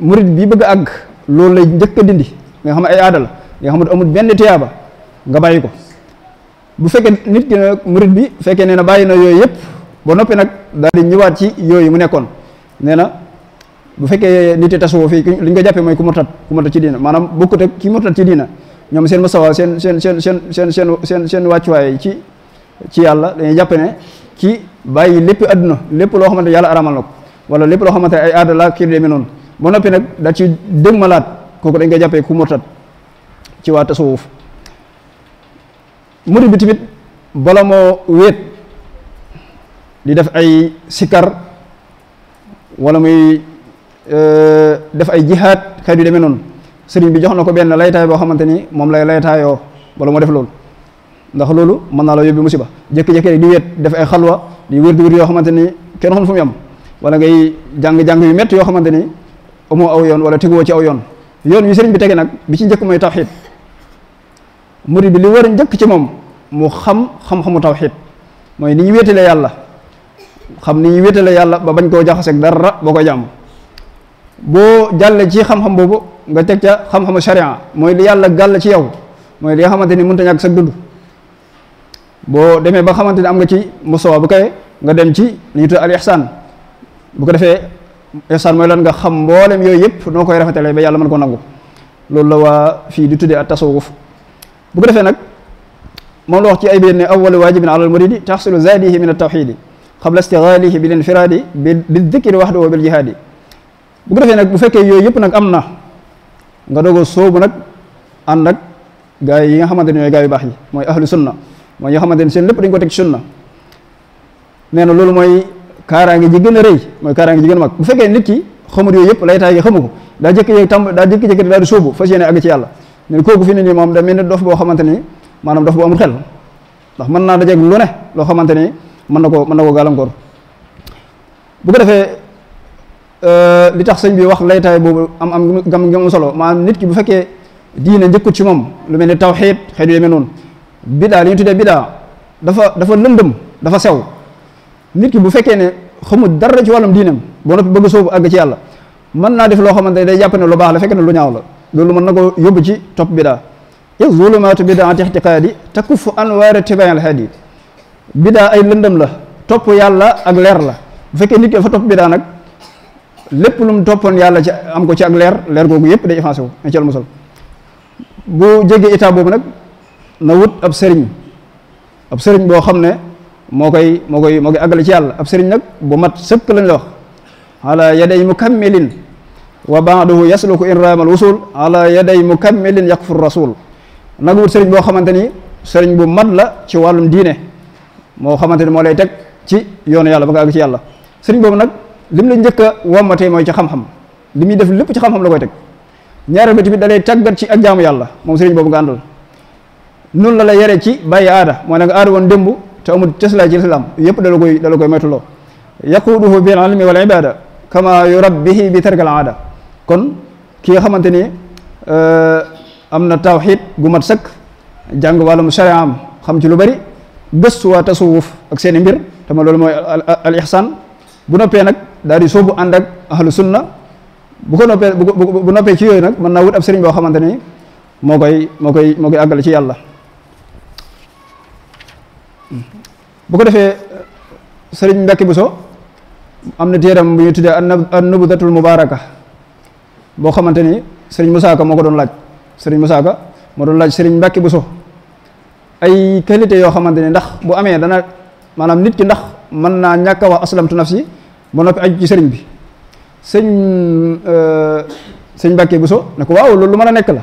S1: murit bi bëgg ak loolu lay njëkk a dindi nga xam ay aada la nga xam amul benn tiyaaba nga bàyyi ko bu fekkee nit ki nag murit fekkee nee na bàyyi na yooyu yëpp ba noppi nag daal di ñëwaat ci yooyu mu nekkoon nee na bu fekkee nit yi tasawoo fii li ko jàppee mooy ku murtat ku murtat ci diina maanaam bokkut ak ki murtat ci diina ñoom seen masawa seen seen seen seen seen seen seen seen wàccuwaay ci ci yàlla dañuy jàpp ne ci bàyyi lépp adduna lépp loo xamante yàlla aramal na ko wala lépp loo xamante ay aada la kii demee noonu ba noppi nag da ci dëgmalaat kooku dañ koy jàppee ku murtad ci waa tasawuf murid bi tamit bala moo wéet di def ay sikar wala muy euh, def ay jihaad xeet yu demee noonu sëriñ bi jox na ko benn laytaay boo xamante ni moom lay laytaayoo bala moo def loolu ndax loolu mën naa la yóbbu musiba jékki-jékki rek di wéet def ay xalwa di wér di yoo xamante ni kenn xamul fu mu yem wala ngay jàng-jàng yu métti yoo xamante ni amoo aw yoon wala teguwoo ci aw yoon yoon wi sëriñ bi tege nag bi ci njëkk mooy tawxid murid bi li war njëkk ci moom mu xam xam-xamu tawxid mooy ni ñu wéetale yàlla xam ni ñu wéetale yàlla ba bañ koo jaxaseeg dara boo ko jàmm boo jàlle ci xam-xam boobu nga teg ca xam-xamu sharia mooy li yàlla gàll ci yow mooy li nga xamante ni mun a ñàkk sa dund boo demee ba xamante ni am nga ci musawa bu kay nga dem ci li ñu tudd al ihsan bu ko defee ihsaan mooy lan nga xam mboolem yooyu yëpp noo koy rafetale ba yàlla mën ko nangu loolu la waa fii di tuddee ak tasawuf bu ko defee nag moom la wax ci ay biir ne awwalu waajibin alal muridi taxsilu zaadihi min at-tawxiidi qabla istigaalihi bil infiraadi bi dikri waxdu wa bil jihaadi bu ko defee nag bu fekkee yooyu yëpp nag am na nga doog a sóobu nag ànd ak gaa yi nga xamante ne ñooy gaa yu baax yi mooy ahlu sunna mooy ñoo xamante ne seen lépp dañ ko teg ci sunna nee na mooy kaaraange ji gën a rëy mooy kaaraange ji gën mag bu fekkee nit ki xamul yooyu yëpp lay taay gi xamu ko daa jékki-jékki tàmb daa jékki-jékki daal di sóobu fas yéene àgg ci yàlla ne kooku fi da mel ni dof boo xamante ni naa dajeeg lu loo xamante ni mën na ko mën na ko gàllankoor bu ko defee euh, li tax sëñ bi wax laytaay boobu am am gam gam solo maanaam nit ki bu fekkee diine njëkkut ci moom lu mel ni tawxiid xëy na demee noonu bidaa li ñu tuddee bidaa dafa dafa lëndëm dafa sew nit ki bu fekkee ne xamul dara ci wàllum diinam boo noppi bëgg soobu àgg ci yàlla mën naa def loo xamante ne day jàpp ne lu baax la fekk ne lu ñaaw la loolu mën na ko yóbbu ci topp bidaa iz zulumaatu bidaati ixtiqaadi takuffu anwaar itibaa al haadi bidaa ay lëndëm la topp yàlla ak leer la bu fekkee nit ki dafa nag lépp lum mu toppoon yàlla ci am ko ci ak leer leer googu yëpp day effacé wu na ci musal bu jege état boobu nag na wut ab sëriñ ab sëriñ boo xam ne moo koy moo koy moo koy ci yàlla ab sëriñ nag bu mat sëkk lañ la wax ala yaday mukammilin wa baaduhu yasluku in raamal wusul ala yaday mukammilin yaqfur rasul nag wut sëriñ boo xamante ni sëriñ bu mat la ci wàllum diine moo xamante ni moo lay teg ci yoonu yàlla ba nga ci yàlla sëriñ boobu nag lim la njëkk a wommatee mooy ci xam-xam li muy def lépp ci xam-xam la koy teg ñaareel ba tamit da lay ci ak jaamu yàlla moom sëriñ boobu nga àndal noonu la la yare ci bàyyi aada moo ne nga aada woon démb te amul teslaa ci lislaam yëpp dala koy dala koy moytuloo yaquduhu bil ilmi wal ibada kama yurabbihi bi tarkal aada kon ki nga xamante ni euh, am na tawxid gu mat sëkk jàng wàllum sharia am xam ci lu bari gëstu waa tasawuf ak seen i mbir te ma loolu mooy al ihsan bu noppee nag daal di soobu ànd ak ahlu sunna bu ko noppee bu noppee ci yooyu nag mën naa wut ab sëriñ boo xamante ni moo koy moo koy moo koy àggale ci yàlla bu ko defee sëriñ Mbacke Bousso am na téeram bu ñuy tuddee an nubudatul mubaraka boo xamante ni sëriñ Moussa moo ko doon laaj sëriñ Moussa Ka moo doon laaj sëriñ Mbacke Bousso ay qualité yoo xamante ni ndax bu amee dana maanaam nit ki ndax mën naa ñàkk a wax aslamtu si ba noppi aju ci sëriñ bi sëñ euh, sëñ Mbacke so ne ko waaw loolu lu mën a nekk la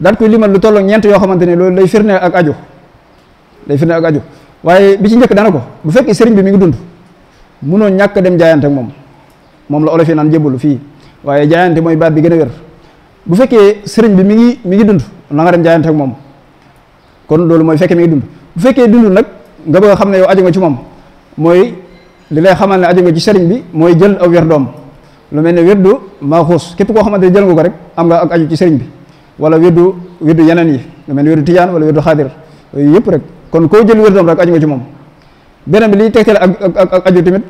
S1: daat koy limal lu tollook ñeent yoo xamante ni loolu day firnde ak ajo day firnde ak aju waaye bi ci njëkk dana ko bu fekk sëriñ bi mi ngi dund mëno ñàkk dem jaayante ak mom mom la olofi nan jëbul fi, waye jaayante moy baat bi gëna wër bu fekkee sëriñ bi mi ngi mi ngi dund na nga dem jaayante ak mom kon loolu moy fekkee mi ngi dund bu fekkee dund nak nga bëgg a yow aju nga ci mom moy li lay xamal ne aju ci sëriñ bi moy jël aw wër doom lu melni ne weddu maaxuus képp koo xamante jël nga ko rek am nga ak aju ci sëriñ bi wala weddu weddu yenen yi lu melni ne weddu tijaan wala weddu khadir yooyu yëpp rek kon koo jël wérdam rek aju nga ci moom beneen bi liy tegtale ak ak aju tamit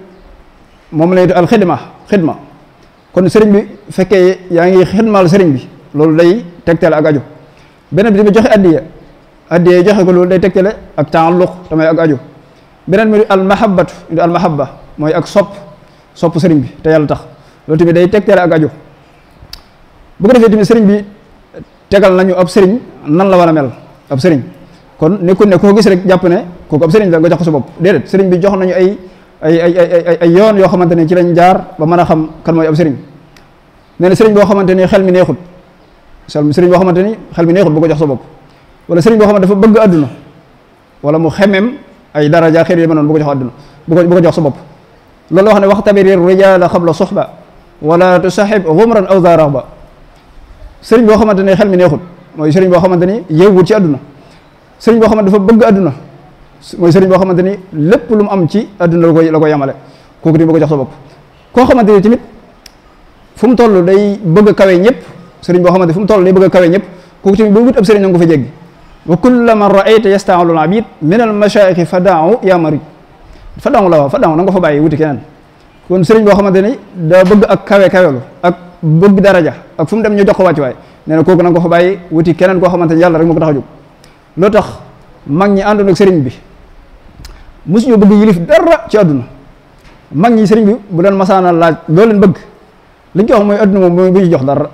S1: moom lay al xidma xidma kon sëriñ bi fekkee yaa ngi xidmaal sëriñ bi loolu day tegtale ak aju beneen bi tamit joxe addiya addiya loolu day tegtale ak taalluq tamay ak aju beneen bi al mahabbatu di al mahabba mooy ak sopp sopp sëriñ bi te yàlla tax loolu tamit day tegtale ak aju bu defee tamit sëriñ bi tegal nañu ab sëriñ nan la war a mel ab sëriñ kon nekul ne ko gis rek jàpp ne ko ko serigne nga jox ko sa bopp déedéet bi jox nañu ay ay ay ay ay yoon yo xamantene ci lañ jaar ba mën xam kan moy ab serigne nee serigne bo xamantene xel mi neexut sal serigne bo xamantene xel mi neexut bu ko jox sa bopp wala serigne bo xamantene dafa bëgg aduna wala mu xemem ay dara ja xeri ma noonu bu ko jox aduna bu ko bu ko jox sa bopp loolu wax ne waxtabiri rijaala xabla soxba wala tusahib ghumran aw zaarax serigne bo xamantene xel mi neexut moy serigne bo xamantene yewu ci aduna sëriñ boo xamante dafa bëgg àdduna mooy seriñ boo xamante ni lépp lu mu am ci àdduna la koy la koy yamale kooku di ba ko jox sa bopp koo xamante ni tamit fu mu toll day bëgg a kawe ñëpp sëriñ boo xamante fu mu toll day bëgg kawe ñëpp kooku tamit boo wut ab sëriñ na ko fa jéggi wa kulla man raayta yastaalu abid min al mashaayixi fa daaw yaa mari fa daaw la fa daaw na nga ko fa bàyyi wuti keneen kon sëriñ boo xamante ni daa bëgg ak kawe ak bëgg daraja ak fu mu dem ñu jox ko na kooku na nga ko fa bàyyi wuti keneen koo xamante ni yàlla rek moo ko tax loo tax mag ñi àndoon ak sëriñ bi mosuñoo bëgg yilif dara ci àdduna mag ñi sëriñ bi bu leen masaana laaj loo bëgg liñ ko wax mooy àdduna moom mooy bu ñu jox dara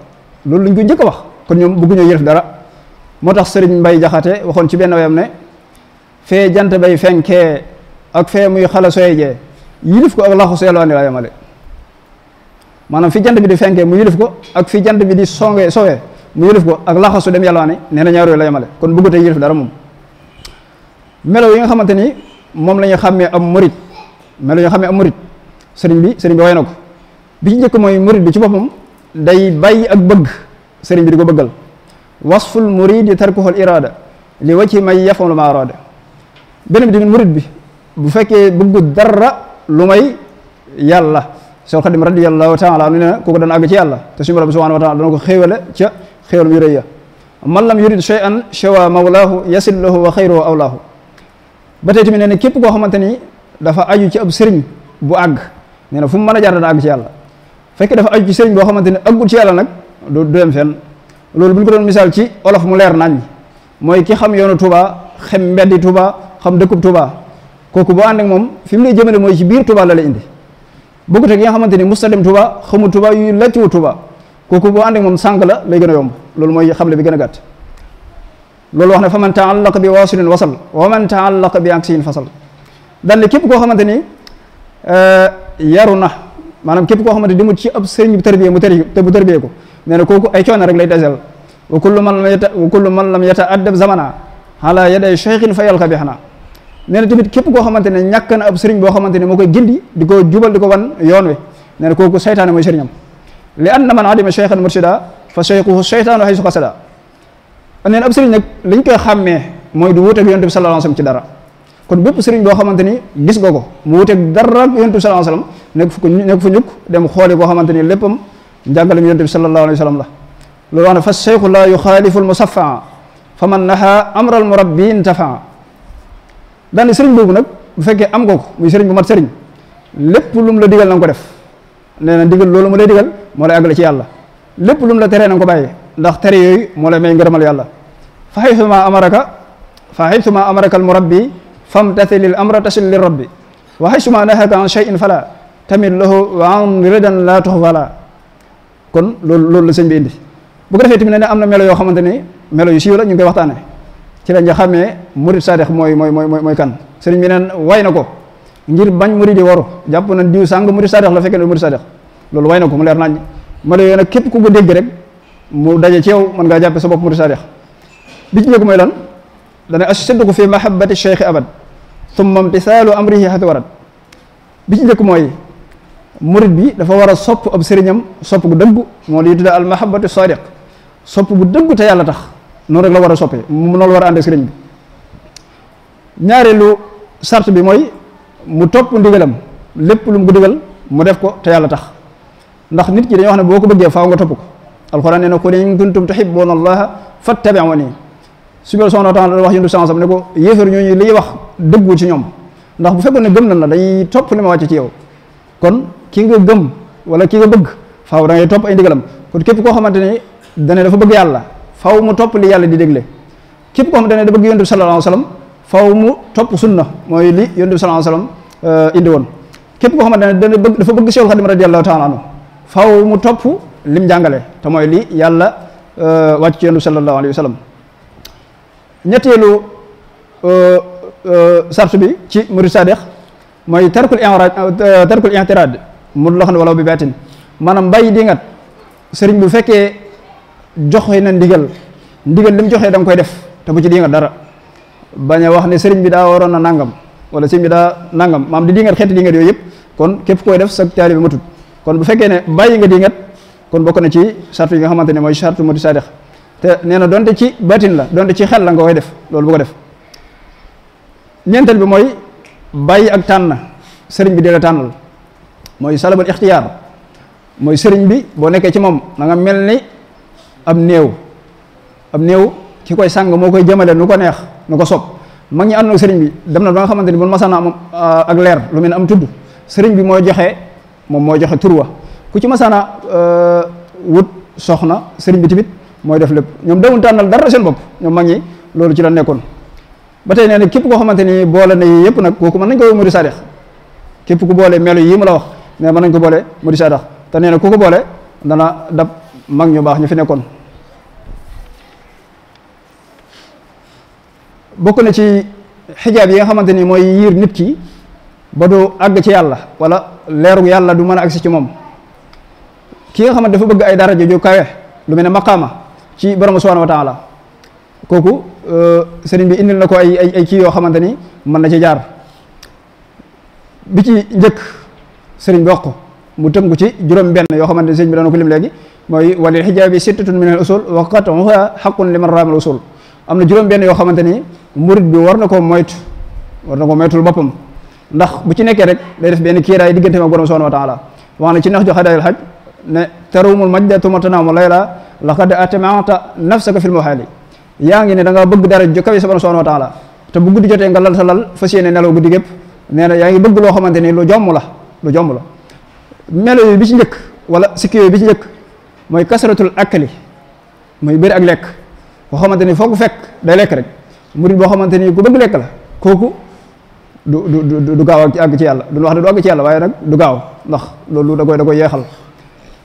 S1: loolu lañ ko jëkk a wax kon ñoom bëgguñoo yilif dara moo tax sëriñ mbay jaxate waxoon ci benn wayam ne fee jant bay fenkee ak fee muy xala sooy jee yilif ko ak laxu seelooni la yemale maanaam fi jant bi di fenkee mu yilif ko ak fi jant bi di songe sowee mu yëlëf ko ak laxasu dem yalwaane nee na ñaar la yemale kon bëggu tey yëlëf dara moom melo yi nga xamante ni moom la ñu xàmmee am murit melo yi nga xàmmee am murit sëriñ bi sëriñ bi way na ko bi ci njëkk mooy murit bi ci boppam day bàyyi ak bëgg sëriñ bi di ko bëggal wasful tarku tarkuhul irada li wacci may yafalu ma arada beneen bi di murid bi bu fekkee bëggu dara lu may yàlla soo xadim radiyallahu taala anu ne kooku dana àgg ci yàlla te suñu borom subhanahu wa taala dana ko xéewale ca xéewal yu rëy ya man lam yurid shay'an shawa mawlaahu yasil lahu wa xayruhu awlaahu ba tey tamit nee na képp koo xamante ni dafa aju ci ab sëriñ bu àgg nee na fu mu mën a jaar dana àgg ci yàlla fekk dafa aju ci sëriñ boo xamante ni àggul ci yàlla nag doo dem fenn loolu bu ñu ko doon misaal ci olof mu leer nañ mooy ki xam yoonu tuba xam mbeddi Touba xam dëkkub Touba kooku boo ànd ak moom fi mu lay jëmale mooy ci biir Touba la lay indi bokkut ak yi nga xamante ni musta dem Touba xamul Touba yu kooku boo ànd ak moom sànq la lay gën a yomb loolu mooy xamle bi gën a gàtt loolu wax na fa man taallaq bi waasilin wasal wa man taallaq bi aksiyin fasal daal képp koo xamante ni euh, yaru na maanaam képp koo xamante ni demut ci ab sëriñ bu tarbiyee mu tari ko nee na ay coono rek lay desel wa kullu man lam yata wa kullu man lam yata addab zamana ala yaday cheikhin fa yalka bixna nee na tamit képp koo xamante ne ñàkk na ab sëriñ boo xamante ne moo koy gindi di ko jubal di ko wan yoon wi nee na kooku saytaane mooy sëriñam li anna man adima cheikhan murshida fa cheikhuhu cheytaanu haysu qasada neen ab sëriñ nag liñ koy xàmmee mooy du wuuteeg yonent bi sallallahu alayhi ci dara kon bépp sëriñ boo xamante ni gis nga ko mu wuuteeg dara ak yonent bi sallallahu nekk fu ko nekk fu ñukk dem xooli koo xamante ni léppam njàngalem yonent bi sallallahu alayhi wasallam la loolu wax ne fa cheikhu la yuxaalifu almusaffaa fa man naha amra almurabbi intafaa daani sëriñ boobu nag bu fekkee am nga ko muy sëriñ bu mat sëriñ lépp lu la digal na nga ko def nee na digal loolu mu lay digal mo lay agal ci yalla lepp lu mu la téré nang ko baye ndax téré yoy mo lay may ngërëmal yalla fa amaraka fa amaraka al murabbi famtathil al amra tasil lir rabbi wa xaytuma nahaka an shay'in fala tamil lahu wa an ridan la tuhwala kon lol lol la señ bi indi bu ko defé timi ne amna melo yo xamanteni melo yu siw la ñu ngi koy ci lañu xamé murid moy moy moy kan señ bi neen way nako ngir bañ murid woro waru jàpp na diw sang murid sadiq la fekkene murid loolu wayna ko mu leer nañ ma lay nag kep ku ko dégg rek mu daje ci yow man nga jappé sa bopp murid saadix bi ci njëkk mooy lan dana ashadduku fi mahabbati shaykh abad thumma imtisalu amrihi hatu warad bi ci njëkk moy murid bi dafa wara sop sopp ab sëriñam sop gu deug mo li tudda al mahabbatu sadiq sop, gu deug ta yalla tax noonu rek la wara sopé mu noonu la wara àndee serign bi ñaarelu sart bi moy mu top ndigalam lepp lu mu ko mu def ko ta yalla tax ndax nit ki dañoo wax ne boo ko bëggee faaw nga topp ko alxuraan nee na qul wax kuntum tuhibbuuna allaha fattabi'uuni su wa taala ne ko yéefar ñooñu li wax dëggul ci ñoom ndax bu fekkoon ne gëm na la dañuy topp li ma wàcc ci yow kon ki nga gëm wala ki nga bëgg faaw da ngay topp ay ndigalam kon képp koo xamante ne dane dafa bëgg yàlla faaw mu topp li yàlla di dégle képp koo xamante ne da bëgg yonent sa sallallahu alayhi wa sallam faaw mu topp sunna mooy li yonent bi sallallahu alayhi wa sallam euh, woon képp koo xamante ne dana bëgg dafa bëgg Seexul Xadiim faw mu topp lim jàngale te mooy li yàlla euh, wàcc ci yonent bi sallallahu alayhi wa ñetteelu euh, euh, sart bi ci murid sadex mooy tarkul inraj tarkul intirad mu loxan wala bi baatin maanaam bàyyi di ngat sëriñ bu fekkee joxe na ndigal ndigal li joxe joxee koy def te bu ci di dara bañ a wax ne sëriñ bi daa waroon na nangam wala sëriñ bi daa nangam maam di di ngat xeeti di yooyu yëpp kon képp koy def sa taalibe matut kon bu fekkee ne bàyyi nga dingat kon bokk na ci sart yi nga xamante ne mooy sartu muridi saadix te nee na donte ci batin la donte ci xel la nga koy def loolu bu ko bi mooy bàyyi ak tànn sëriñ bi di la tànnal mooy salabul ixtiyaar mooy sëriñ bi boo nekkee ci moom danga mel ni ab néew am néew ki koy sàng moo koy jëmale nu ko neex nu ko sob mag ñi ànd ak sëriñ bi dem na ba nga xamante ni bu masana am ah, ak leer lu mel ne am tudd sëriñ bi mooy joxe moom mooy joxe tur wa ku ci masaana euh, wut soxna sëriñ bi tamit mooy def lépp ñoom dawul tànnal dara seen bopp ñoom mag ñi loolu ci la nekkoon ba tey nee na képp koo xamante ni boole na yëpp nag kooku mën nañ ko muri saadix képp ku boole melo yii mu la wax mais mën nañ ko boole muri saadix te nee na ku ko boole dana dab mag ñu baax ñu fi nekkoon bokk na ci xijaab yi nga xamante ni mooy yiir nit ki ba do ag ci yalla wala leeru yalla du meuna ag ci mom ki nga xamante dafa bëgg ay dara jëjë kawé lu mel maqama ci borom subhanahu wa taala euh sëriñ bi indil nako ay ay ay yo xamanteni man na ci jaar bi ci ñëk sëriñ bi wax ko mu tënku ci juroom benn yoo xamante ni sëriñ bi dana ko lim léegi mooy walil hijabi sittatun min al usul wa qat'uha haqqun liman ramal usul amna juroom benn yoo xamante murid bi war na ko moytu war na moytul boppam ndax bu ci nekkee rek day def benn kiiraay diggante ma borom subhanahu wa taala wax na ci nax joxe dayal xaj ne tarumul majda tumatanaamu layla laqad atmanta nafsaka fil muhaali yaa ngi ne da nga bëgg dara ju kawe sa borom subhanahu wa taala te bu guddi jotee nga lal sa lal fas yéene nelaw guddi gépp nee na yaa ngi bëgg loo xamante ni lu jomm la lu jomm la melo yooyu bi ci njëkk wala sikki yooyu bi ci njëkk mooy kasaratul akli mooy bëri ak lekk koo xamante ni foo ko fekk day lekk rek murid boo xamante ni ku bëgg la du du du gaaw ak àgg ci yàlla duñu wax ne du àgg ci yàlla waaye nag du gaaw ndax loolu da koy da koy yeexal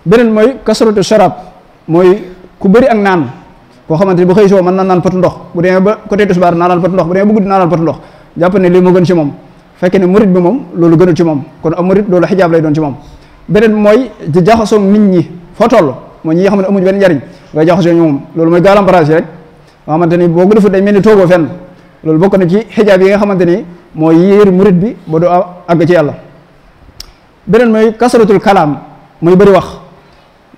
S1: beneen mooy kasratu sharab mooy ku bëri ak naan koo xamante ni bu xëy soo mën naa naan potu ndox bu demee ba côté tisbaar naa naan potu ndox bu demee ba guddi naa naan potu ndox jàpp ne lii moo gën ci moom fekkee ne murit bi moom loolu gënul ci moom kon am murit loolu xijaab lay doon ci moom beneen mooy di jaxasoo nit ñi foo toll mooy ñi nga xam ne amuñ benn njariñ ngay jaxasoo ñu moom loolu mooy galamparage rek nga xamante ni boo ko defut day mel ni toogoo fenn loolu bokk na ci xijaab yi nga xamante ni Moyir yir murid bi bo do ag ci yalla benen moy kasratul kalam moy bari wax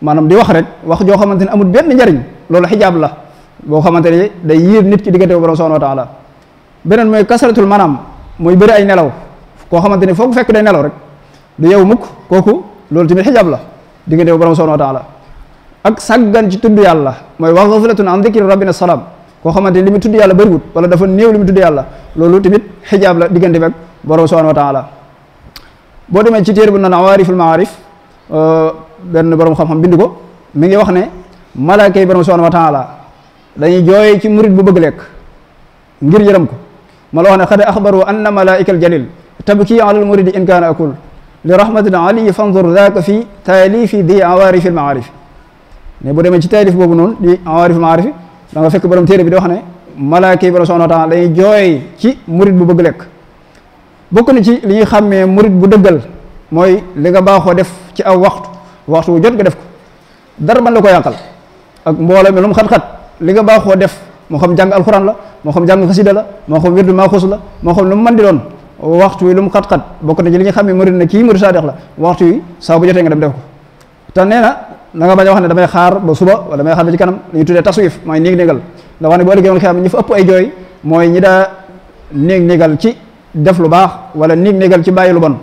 S1: manam di wax rek wax jo xamanteni amul benn njariñ lolu hijab la bo xamanteni day yir nit ki diggante borom subhanahu wa taala benen moy kasratul manam moy bari ay nelaw ko xamanteni ne foo fekk day nelaw rek du yow mukk koku lolu timi hijab la diggante borom subhanahu wa taala ak saggan ci tuddu yalla moy wax an dhikri rabbina salam koo xamante li mu tudd yàlla bëriwut wala dafa néew li mu tudd yàlla loolu tamit xijaab la diggante beeg borom subhanahu boo demee ci téere bu naan awaariful maarif euh, benn borom xam-xam bind ko mi ngi wax ne malaaka yi borom subhanahu wa taala dañuy jooyee ci murit bu bëgg lekk ngir yërëm ko ma la wax ne xad axbaru anna malaika al jalil tabki ala al muridi in kaana akul li rahmatin ali fanzur daaka fi taalifi di awaarifil maarif ne bu demee ci taalif da nga fekk borom téré bi di wax ne malaaka yi borom subhanahu wa ta'ala day jooy ci murid bu bëgg lek bokku na ci li ñuy xàmmee murid bu dëggal mooy li nga baaxoo def ci aw waxtu waxtu wu jot nga def ko dara man la ko yàqal ak mbooloo mi lu mu xat-xat li nga baaxoo def moo xam jàng alquran la moo xam jàng xasida la moo xam wirdu maaxus la moo xam lu mu mën di doon waxtu wi lu mu xat-xat bokk na ci li nga xam murid na kii murid sadiq la waxtu wi saa bu jotee nga dem def ko te nee na nanga nga bañ a wax ne damay xaar ba suba wala damay xaar ba ci kanam li ñu tuddee taswif mooy néeg néegal ndax wax ne boo ëllëgee woon xam ñi fa ëpp ay jooy mooy ñi daa néeg néegal ci def lu baax wala néeg néegal ci bàyyi lu bon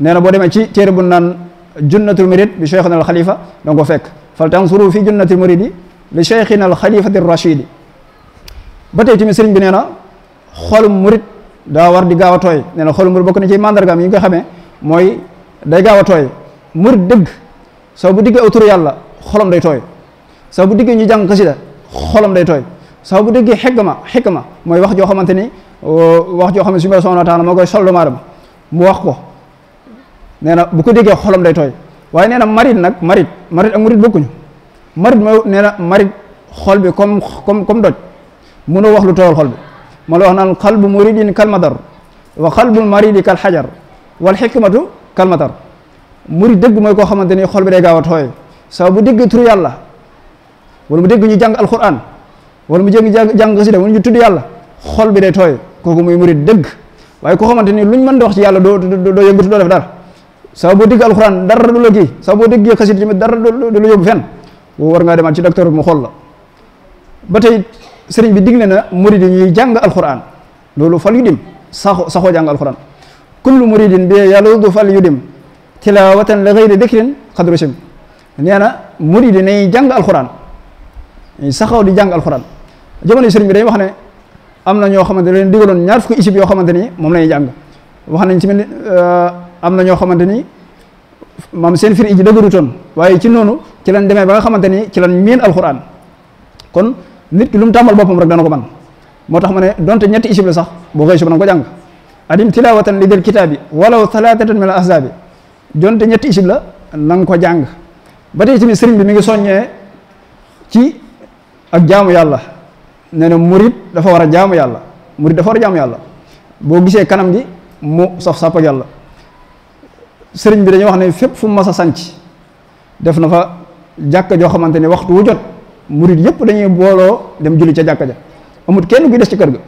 S1: na boo demee ci téere bu naan junnatul murid bi cheikhina al xalifa da nga ko fekk fal tansuru fi junnatul murid yi li cheikhina al xalifati rachidi ba tey tamit sëriñ bi nee na xolum murid daa war di gaaw a tooy nee na xolum murid bokk na ci mandargaam yi nga xamee mooy day gaaw a tooy murid dëgg saa bu diggee autori turu yàlla xolam day tooy saa bu diggee ñu jàng kasida xolam day tooy saa bu diggee xikma ma mooy wax joo xamante ni uh, wax joo xam ne suñu subhaanahu wa taala moo koy sol doomu aadama mu wax ko nee na bu ko déggee xolam day tooy waaye nee na marit nag marit marit ak murit bokkuñu marit mooy nee na marit xol bi comme comme comme doj mënoo wax lu tooyal xol bi ma la wax naan qalbu muridin kalmadar wa qalbul maridi kal xajar wal xikmatu kalmatar murid deg moy ko xamanteni ni xol bi day gawa toy sa bu dégg turu yalla wala mu dégg ñu jang alquran wala mu jéggi jang ci xasida wala ñu tuddu yalla xol bi day toy koku mooy murid deg, way ko xamanteni luñu luñ mën di wax ci do do do yëngatu doo def dara sa bu dégg alquran dara du la kii saa boo déggee xasida tamit dara du la fen wo war nga demal ci docteur mu xol la batay serigne bi digle na murid ñi jang alquran lolu fal yu dim saxo saxo jang alquran kullu muridin bi yàlla du fal yu dim tilawatan la xëyri dikrin xadru sim nee na murid yi nañ jàng saxaw di jàng alxuraan jamono sëriñ bi wax ne am na ñoo xamante ne leen digaloon ñaar fukki isib yoo xamante ni moom lañuy jàng wax nañ ci mel ni euh, am na ñoo xamante ni maam seen firi ji dëgërutoon waaye ci noonu ci lan demee ba nga xamante ni ci lan miin alxuraan kon nit ki lu mu tàmmal boppam rek dana ko man moo tax ma ne donte ñetti isib la sax boo xëy suba na ko jàng adim tilawatan watan del kitaabi walaw thalaatatan min al ahzaabi jonté ñet isib la nang ko jang. ba tey tamit sëriñ bi mi ngi soñé ci ak jaamu yalla nee na dafa wara jaamu yalla mourid dafa wara jaamu yalla bo gisé kanam di mu saf sàpp ak yalla sëriñ bi dañu wax né fep fu mu mas def na fa jakka jo xamanteni waxtu wu jot mourid yépp dañuy bolo dem julli ci jàkka ja amut kenn guy dess ci kër ga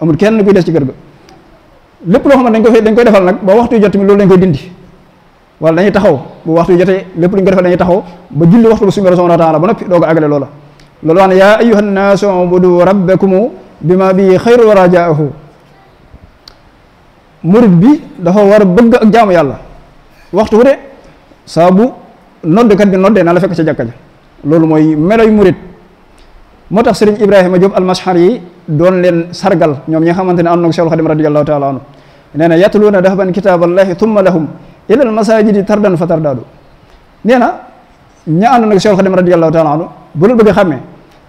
S1: amut kenn guy dess ci kër ga lepp lo xamanteni dañ koy dañ koy defal nak ba waxtu jot mi lolou dañ koy dindi wala dañuy taxaw bu waxtu yi jotee lépp lu ñu ko defal dañuy taxaw ba julli waxtu bu suñu subhaanahu wa taala ba noppi dooga àggale loola loolu wax ne yaa ayyuhan naasu ubudu rabbakumu bi ma bi xayru wara jaahu murid bi dafa war a bëgg ak jaamu yàlla waxtu wu de saa bu noddkat bi noddee na la fekk ca jàkka ja loolu mooy meloy murid moo tax sëriñ Ibrahima Diop almashar yi doon leen sargal ñoom ñi nga xamante ne ànd na ko Seexul Xadim radiyallahu taala anhu nee na yatluuna kitaaballahi thumma ila al masajidi tardan fa tardadu neena na ña àndoon ak Cheikh Khadim radiyallahu taala anu bu lu bëgg xamé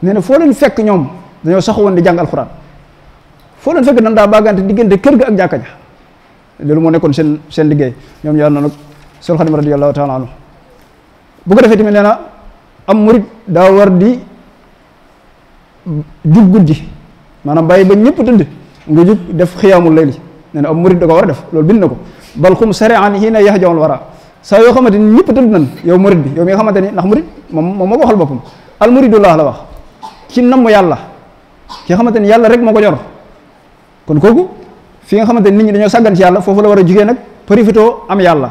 S1: neena fo leen fekk ñoom dañoo saxoon di al qur'an fo leen fekk nanda daa bàggante diggante kër ga ak jàkka ja loolu moo nekkoon sen seen liggéey ñoom ñu àndoon ak Cheikh Khadim radiyallahu taala anu bu ko defee tamit nee am murid da war di jug guddi manam baye ba ñepp tëdd nga jug def khiyamul layli neena am murid da ko war def lolu bind nako bal xum sarean xii na yax jawal wara saa yoo xamante ni ñëpp tëdd nañ yow murid bi yow mi nga xamante ni ndax murid moom moom moo ko waxal boppam al muridullah la wax ci namm yàlla ki nga xamante ni yàlla rek moo ko ñor kon kooku fi nga xamante ni nit ñi dañoo sàggan ci yàlla foofu la war a jugee nag profito am yàlla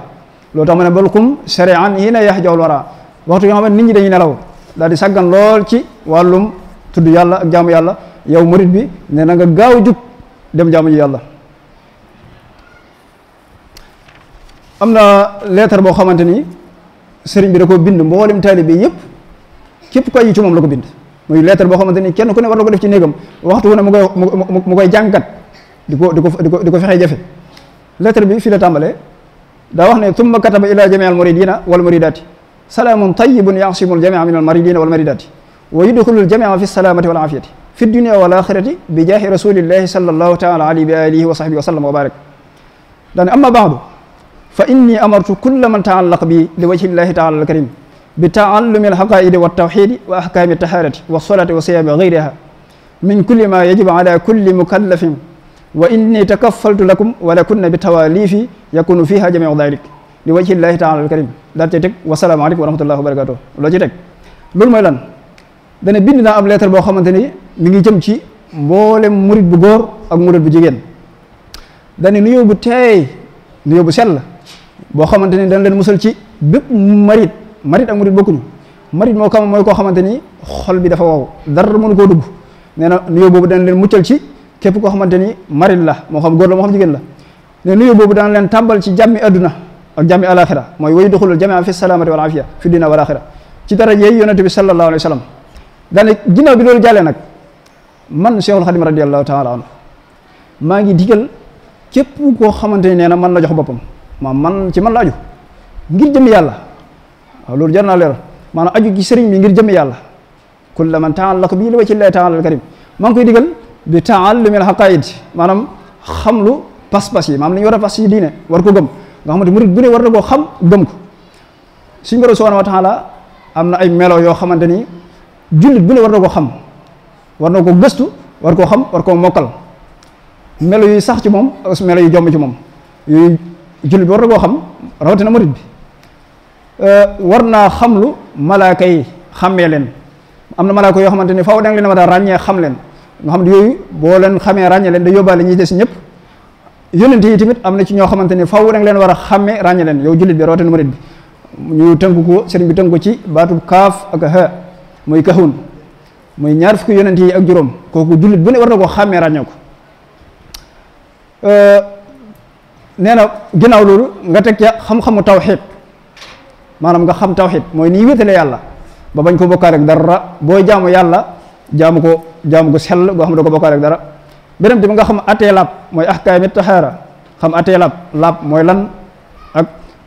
S1: loo tax ma ne bal xum sarean xii na yax jawal wara waxtu yoo xamante nit ñi dañuy nelaw daal di saggan lool ci wàllum tudd yàlla ak jaamu yàlla yow murid bi ne na nga gaaw jug dem jaamu yàlla amna lettre bo xamanteni serigne bi da ko bind mbolim taalibe yépp kep ko yi ci mom la ko bind moy lettre bo xamanteni kenn ku ne war la ko def ci negam waxtu wona mu koy mu koy jàngat diko diko diko ko di jafe lettre bi fi la tambalé da wax ne tumma kataba ila jami'il al muridina wal muridati salamun tayyibun yasimu al jamia min al maridina wal maridati wa yadkhulu al jamia fi salamati wal afiyati fi dunya wal akhirati bi jahi rasulillahi sallallahu taala alayhi wa alihi wa sahbihi wa sallam wa barak dan amma ba'du fa inni amartu kulla man taallaq bi li wajhi llahi taala alkarim bi taallumi alxaqaidi waltawxidi wa ahkaami altahaarati walsolati wa siyaami gayriha min kulli ma yajibu ala kulli mukallafin wa inni takafaltu lakum wala kunna bi tawalifi yakunu fiha jamiu dalik li wajhi llahi taala alkarim daal cee teg wasalaamu aleykum wa rahmatullahi wa barakatuh loo ci teg loolu mooy lan dana bind naa am lettre boo xamante ni mi ngi jëm ci mboolem murit bu góor ak murit bu jigéen dana nuyoo bu teey nuyoo bu sell boo xamante ni dana leen musal ci bépp marit marit ak murit bokkuñu marit moo xam mooy koo xamante ni xol bi dafa wow dara mënu koo dugg nee na nuyoo boobu dana leen muccal ci képp koo xamante ni marit la moo xam góor la moo xam jigéen la ne nuyoo boobu dana leen tàmbal ci jàmmi adduna ak jàmmi alaxira mooy way duxulul jamia fi salaamati wal afiya fi dina wal axira ci dara yeey yonente bi sallallahu alayhi wa sallam daane ginnaaw bi loolu jàllee nag man cheikhul xadim radiallahu taala anhu maa ngi digal képp koo xamante ni nee na mën na jox boppam maam man ci man la aju ngir jëm yàlla waaw loolu jar naa leeral maanaam aju ci sëriñ bi ngir jëm yàlla kulla man taallaka bii bi wajhi llaahi taala al karim maa ngi koy digal bi taallumil haqaa'id maanaam xam lu pas-pas yi maam li ñu war a pas yi diine war ko gëm nga xamante murid bu ne war na koo xam gëm ko suñu borom subhaanahu wa taala am na ay melo yoo xamante ni jullit bu ne war na xam war na ko gëstu war koo xam war koo mokkal melo yi sax ci moom ak melo yu jomb ci moom jullit bi war na koo xam rawatina murid bi euh, war naa xamlu malaaka yi xàmmee leen am na malaaka yoo xamante ni faaw da leen war a ràññee xam leen nga xam ne yooyu boo leen xamee ràññee leen da yóbbaale ñi des ñëpp yónent yi tamit am na ci ñoo xamante ni faaw da leen war a xàmmee ràññee leen yow jullit bi rawatina murid bi ñu tënku ko sëriñ bi tënku ko ci baatub kaaf ak ha muy kahun muy ñaar fukki yónent yi ak juróom kooku jullit bu ne war na koo xàmmee ràññee euh, nee na ginnaaw loolu nga teg ca xam-xamu tawxiid maanaam nga xam tawxiid mooy ni wéetale yàlla ba bañ ko bokkaale ak dara booy jaamu yàlla jaamu ko jaamu ko sell goo xam ne da ko bokkaale ak dara beneen bi nga xam atee laab mooy ahkaami tahaara xam atee laab mooy lan ak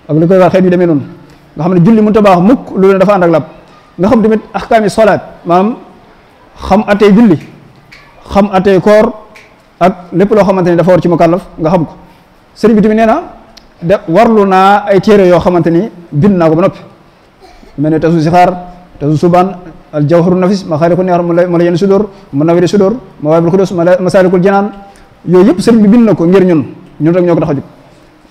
S1: ak li koy war xeet demee noonu nga xam ne julli mënut a baax mukk loolu dafa ànd ak laab nga xam tamit ahkaami solaat maanaam xam ate julli xam ate koor ak lépp loo xamante ni dafa war ci mukallaf nga xam ko sëriñ bi tamit na da warlu na ay téré yo xamanteni ni bind naa ko ba tasu zikhar tasu suban al jawharu nafis ma xaaliku neexar ma sudur munawir sudur ma qudus masalikul jinan yoy yep ma bi bind na ngir ñun ñun rek ñoko taxaju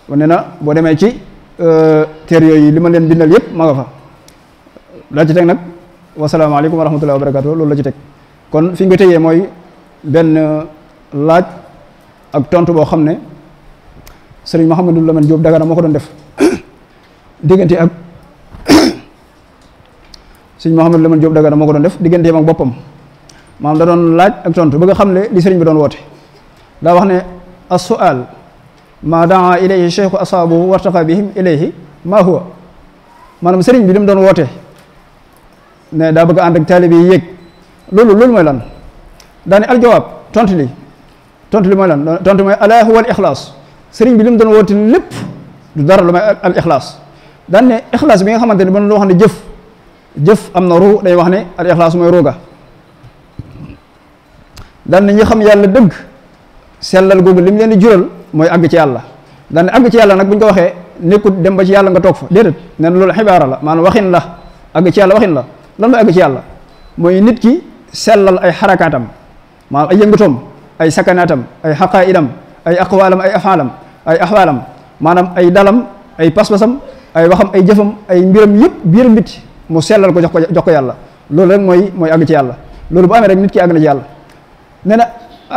S1: tax na ci euh, téré yoy li ma bindal yep ma nga fa la ci wa alaykum wa rahmatullahi wa barakatuh loolu la ci tek kon fi nga tëyee moy ben euh, laaj ak tontu bo sëriñ Mouhamadou Lamine Diop Dagana moo ko doon def diggante ak sëriñ Mouhamadou Lamine Diop Dagana moo ko doon def digganteem ak boppam maanaam da doon laaj ak tontu bëgg a xam le li sëriñ bi doon woote daa wax ne as-su'al ma daa ilayhi cheikhu asaabu wartaqa bihim ilayhi ma huwa maanaam sëriñ bi li mu doon woote ne daa bëgg a ànd ak taalibe yi yéeg loolu loolu mooy lan daane aljawaab tontu li tontu li mooy lan tontu mooy ala huwa al ixlaas sëriñ bi li mu doon woote lépp du dara lu may al ixlaas dan ne ixlaas bi nga xamante ne man loo xam ne jëf jëf am na ruux day wax ne al ixlaas mooy ruuga daan ne ñi xam yàlla dëgg sellal googu li mu leen di jural mooy àgg ci yàlla daan ne àgg ci yàlla nag bu ñu ko waxee nekkut dem ba ci yàlla nga toog fa déedéet nee na loolu xibaara la maanaam waxin la àgg ci yàlla waxin la lan mooy àgg ci yàlla mooy nit ki sellal ay xarakaatam maanaam ay yëngatoom ay sakanaatam ay xaqaa idam ay aqwaalam ay afaalam ay axwaalam maanaam ay dalam ay paspasam ay waxam ay jëfam ay mbiram yëpp biir mbit mu sellal ko jox ko jox ko yàlla loolu rek mooy mooy àgg ci yàlla loolu bu amee rek nit ki àgg na ci yàlla nee na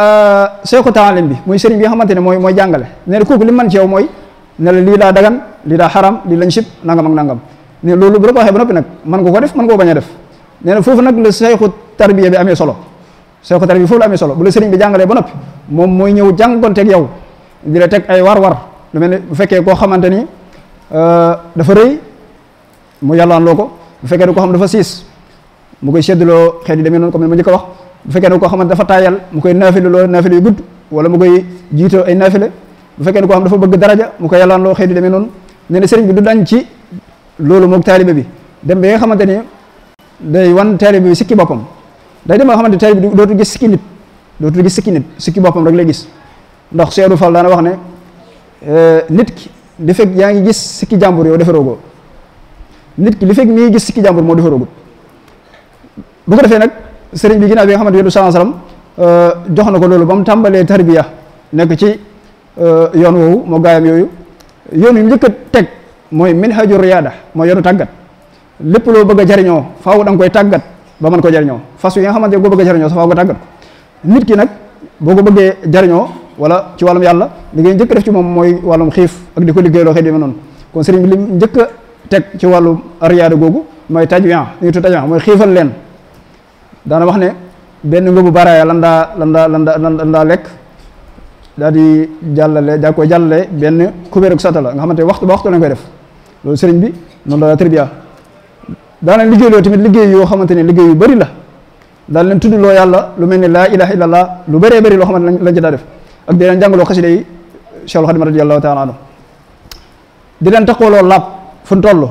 S1: euh, seexu taalim bi muy sëriñ bi ne mooy mooy jàngale nee na kooku mooy ne la lii daa dagan lii daa xaram lii lañ sib nangam ak nangam ne loolu bu la ko waxee ba noppi nag mën nga ko def mën nga ko bañ a def nee na foofu nag la seexu tarbiya bi amee soo ko tarbi foofu la amee solo bu la sëriñ bi jàngalee ba noppi moom mooy ñëw jàngonteeg yow di la teg ay war-war lu mel ne bu fekkee koo xamante ni euh, dafa rëy mu yàllaan loo ko bu fekkee ne xam dafa siis mu koy seddloo xeet yi demee noonu comme ni ma njëkk wax bu fekkee ne koo xamante dafa taayal mu koy naafile loo naafile yu gudd mu koy jiitoo ay naafile bu fekkee ne koo xam dafa bëgg daraja mu koy yàllaan loo xeet noonu nee na sëriñ bi du dañ ci loolu moog taalibe bi dem ba nga xamante ni day wan taalibe bi sikki boppam day dem ba xamante tey bi dootu gis sikki nit dootu gis sikki nit sikki boppam rek lay gis ndax Seydou Fall daana wax ne eh, nit ki li fekk yaa ngi gis sikki jàmbur yow defaroo ko nit ki li fekk mi ngi gis sikki jàmbur moo defaroo ko bu defee nag sëriñ bi ginnaaw bi nga xamante ne sallallahu alayhi eh, jox na ko loolu ba mu tàmbalee tarbiya nekk ci eh, yoon woowu moo gaayam yooyu yoon yu njëkk teg mooy minhaju riyaada mooy yoonu tàggat lépp loo bëgg a jariñoo faaw da nga koy tàggat. ba mën ko jariñoo fas yi nga xamante ne boo bëgg a jariñoo sa faaw nga tàggat nit ki nag boo ko bëggee jariñoo wala ci wàllum yàlla li ngay njëkk def ci moom mooy wàllum xiif ak di ko liggéey xëy deme noonu kon sëriñ bi li teg ci wàllum riyaada googu mooy tajwin li ñu mooy xiifal leen daana wax ne benn ngóobu baraaya lan daa lan daa lan daa lan daa lekk daal di jàllale daa koy jàllale benn kubéeru satala nga xamante waxtu ba waxtu lañ koy def loolu sëriñ bi noonu la tarbiya daana liggéey loo tamit liggéey xamante ne liggéey yu bëri la daal leen tudd loo yàlla lu mel ni laa ilaha la lu bëree bëri loo xamante ne lañ ci daa def ak di leen jàngaloo xasida yi Cheikhul Khadim radiyallahu taala anhu di leen taxawaloo laab fu ñu toll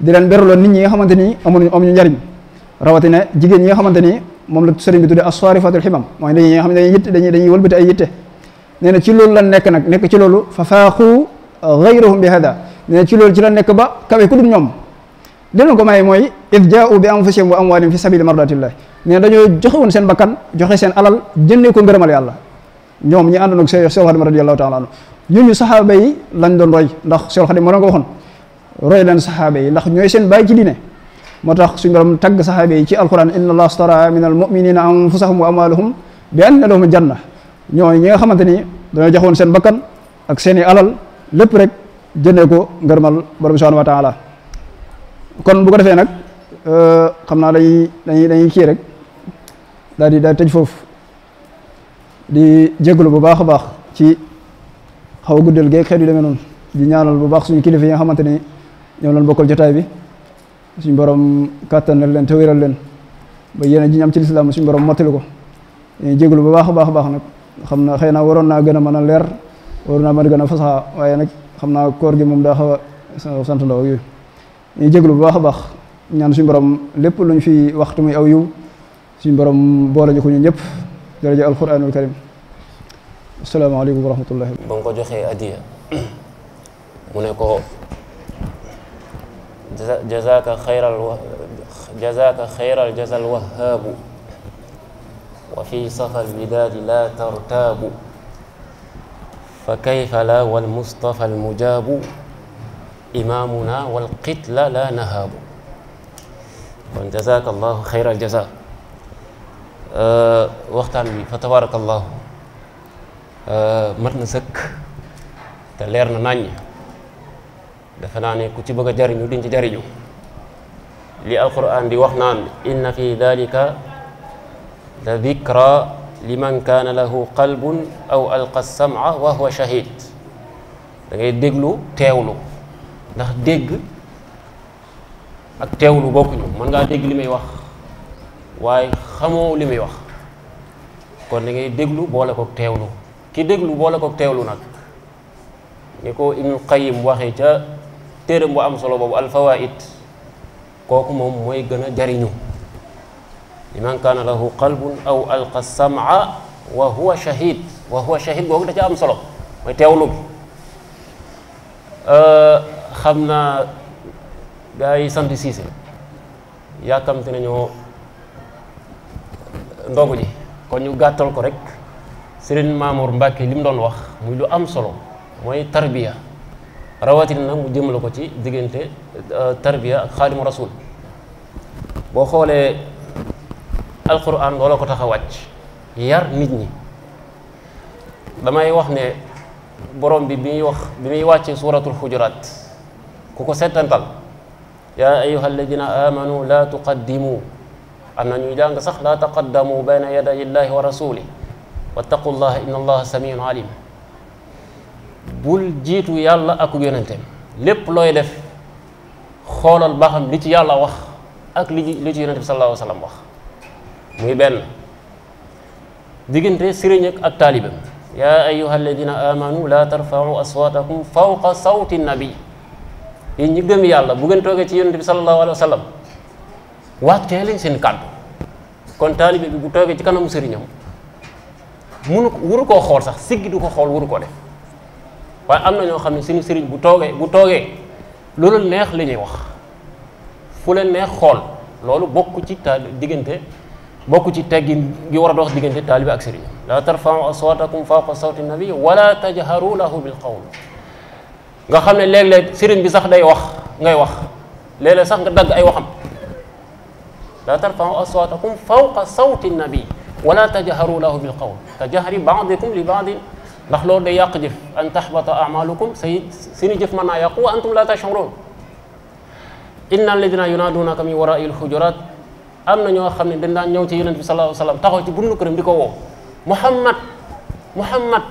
S1: di leen beraloo nit ñi nga xamante ni amuñu amuñu njariñ rawatina jigéen ñi nga xamante ni moom la sëriñ bi tuddee as-saarifatul himam mooy dañuy nga xam ne dañuy yitte dañuy dañuy wëlbati ay yitte nee na ci loolu la nekk nag nekk ci loolu fa faaxu gayrahum bi hada nee na ci loolu ci la nekk ba kawe ñoom dañu ko may moy id jaa'u bi anfusihim wa amwalihim fi sabili mardatillah ne dañu joxe won sen bakkan joxe sen alal jenne ko ngeeramal yalla ñom ñi andu nak sayyid Seex Xadim radiyallahu ta'ala anhu ñu sahaba yi lañ doon roy ndax sayyid khadim mo nga waxon roy lan sahaba yi ndax ñoy sen bay ci dine motax suñu borom tag sahaba yi ci alquran inna allaha astara min almuminina anfusahum wa amwalahum bi anna lahum janna ñoy ñi nga xamanteni dañu joxe won sen bakkan ak seeni alal lepp rek jenne ko ngeeramal borom subhanahu wa ta'ala kon bu ko defee nag euh, xam naa dañuy dañuy dañuy kii rek daal di daal tëj foofu di jégalu bu baax a baax ci xaw a guddal geeg xeet yu demee noonu di ñaanal bu baax suñu kilifa yi nga xamante ni ñoom lañ bokkal jotaay bi suñu borom kàttanal leen te wéral leen ba yéen ji ñu am ci lislaam suñu borom mottali ko dañuy jégalu bu baax a baax a baax nag xam naa xëy na waroon naa gën a mën a leer waroon naa mën a gën a fasaxa waaye nag xam naa koor gi moom daa xaw a sant ndaw ak ñu jéglu bu baax a baax ñaan suñu borom lépp luñ fi waxtu muy aw yiw suñu borom boole ñu ko ñun ñëpp jërëjëf alquranul karim asalaamaaleykum wa rahmatullahi
S3: ba nga ko joxee adiya mu ne ko jazaka xayral jazaka xayral jazal wahaabu wa fi safal bidaadi la tartaabu fa kayfa la wal mustafa almujaabu إمامنا والقتل لا نهاب جزاك الله خير الجزاء أه وقت فتبارك الله أه مرنا سك تليرنا ناني دفناني كتي بغا جارينو دينج جارينو لي دي وخنان ان في ذلك لذكرى لمن كان له قلب او القى السمع وهو شهيد داغي ديغلو تيولو ndax dégg ak teewlu bokkuñu mën ngaa dégg li may wax waaye xamoo li muy wax kon da ngay déglu boole kook teewlu ki déglu boole kook teewlu nag ni ko Ibnu Qayyim waxee ca téeram bu am solo boobu alfawaid kooku moom mooy gën a jariñu liman kaana lahu qalbun aw alqa sam'a wa huwa shahid wa huwa shahid googu da ca am solo mooy teewlu bi xam naa gars yi sant siise yaakamte nañoo ndogu ji kon ñu gàttal ko rek sëriñ Maamour Mbàkke li mu doon wax muy lu am solo mooy tarbiya rawatina nag mu jëmale ko ci diggante tarbiya ak xaadimu rasul boo xoolee alquran loola ko tax a wàcc yar nit ñi damay wax ne borom bi bi muy wax bi muy wàccee suuratul xujuraat كوكو سيتنتال يا ايها الذين امنوا لا تقدموا ان نيجان صح لا تقدموا بين يدي الله ورسوله واتقوا الله ان الله سميع عليم بول جيتو يالا اكو يونتم لب لوي ديف خولال باخام لي تي يالا واخ اك لي لي تي يونتم صلى الله عليه وسلم واخ موي بن ديغنتي سيرينك اك طالبم يا ايها الذين امنوا لا ترفعوا اصواتكم فوق صوت النبي yéen ñi gëm yàlla bu ngeen toogee ci yonent bi sallallahu alayhi wa sallam waatee seen kàddu kon taalibe bi bu toogee ci kanamu sëriñam munu wuru koo xool sax siggi du ko xool wuru ko def waaye am na ñoo xam ne suñu sëriñ bu toogee bu toogee loolu neex li wax fu leen neex xool loolu bokk ci taal diggante bokk ci teggin gi war a dox diggante taalibe ak sëriñam la tarfa'u aswatakum fawqa sawti nabi wala tajharu lahu bil qawl nga xamne leg leg serigne bi sax day wax ngay wax léeg-léeg sax nga dag ay waxam la tarfau aswatakum fawqa sawti nabi wa la tajharu lahu bil qawl ka jahri li ba'd ndax lo day yàq jëf an tahbata amalukum sayyid seeni jëf mën naa yàqu wa antum la tashurun inna alladhina yunaadunaka min warai al-hujurat amna ño xamne dañ ne dañ daan ñëw ci yunus sallallahu alayhi wasallam taxaw ci bunu kërëm diko wo muhammad muhammad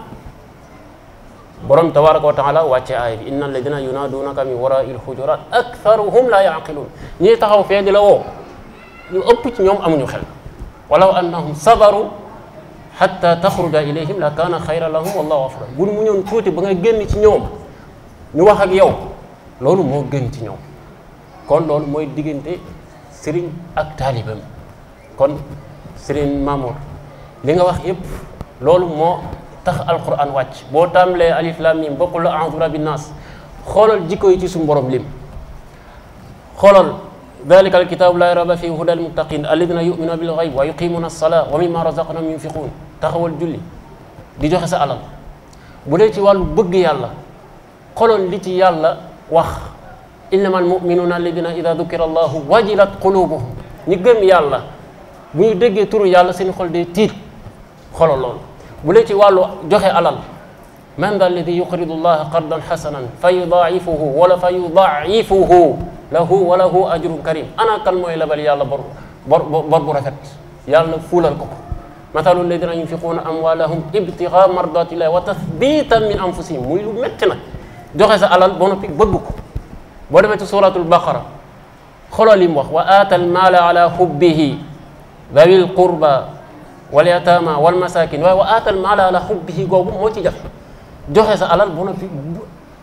S3: borom tabaraka wa taala wàcce aaya bi inna alladina yunaaduunaka min waraa'il hujurat aktharuhum la yaqiluun ñii taxaw fee di la woo ñu ëpp ci ñoom amuñu xel walaw annahum sabaru xatta taxruja ilayhim la kaana xayra lahum wallahu afra buñ mu ñoon tuuti ba nga génn ci ñoom ñu wax ak yow loolu moo gën ci ñoom kon loolu mooy diggante sëriñ ak taalibam kon sëriñ Mamour li nga wax yëpp loolu moo تخ القران واتش بو تاملي الف لام ميم بوكو لو انظر بالناس خولل جيكو يتي سون بروم ليم خولل ذلك الكتاب لا يرى فيه هدى المتقين الذين يؤمنون بالغيب ويقيمون الصلاه ومما رزقناهم ينفقون تخول جولي دي جوخي سا الله بودي تي والو بوغ يالا خولل لي تي يالا واخ انما المؤمنون الذين اذا ذكر الله وجلت قلوبهم ني گم يالا بو ني دگي تورو يالا سين خول دي تيت خولل لول بليتي والو جوخي علال من ذا الذي يقرض الله قرضا حسنا فيضاعفه ولا فيضاعفه له وله اجر كريم انا كالمو الى بل يالا بر بر بر رفت يالا فولر مثل الذين ينفقون اموالهم ابتغاء مرضات الله وتثبيتا من انفسهم ويلو متنا جوخي علال بونو بيك بوبوك بو سوره البقره خلال لي واتى المال على حبه ذوي القربى واليتامى والمساكين واكل مال على حبه غوغ مو تي جاف جوخي سا علال بون في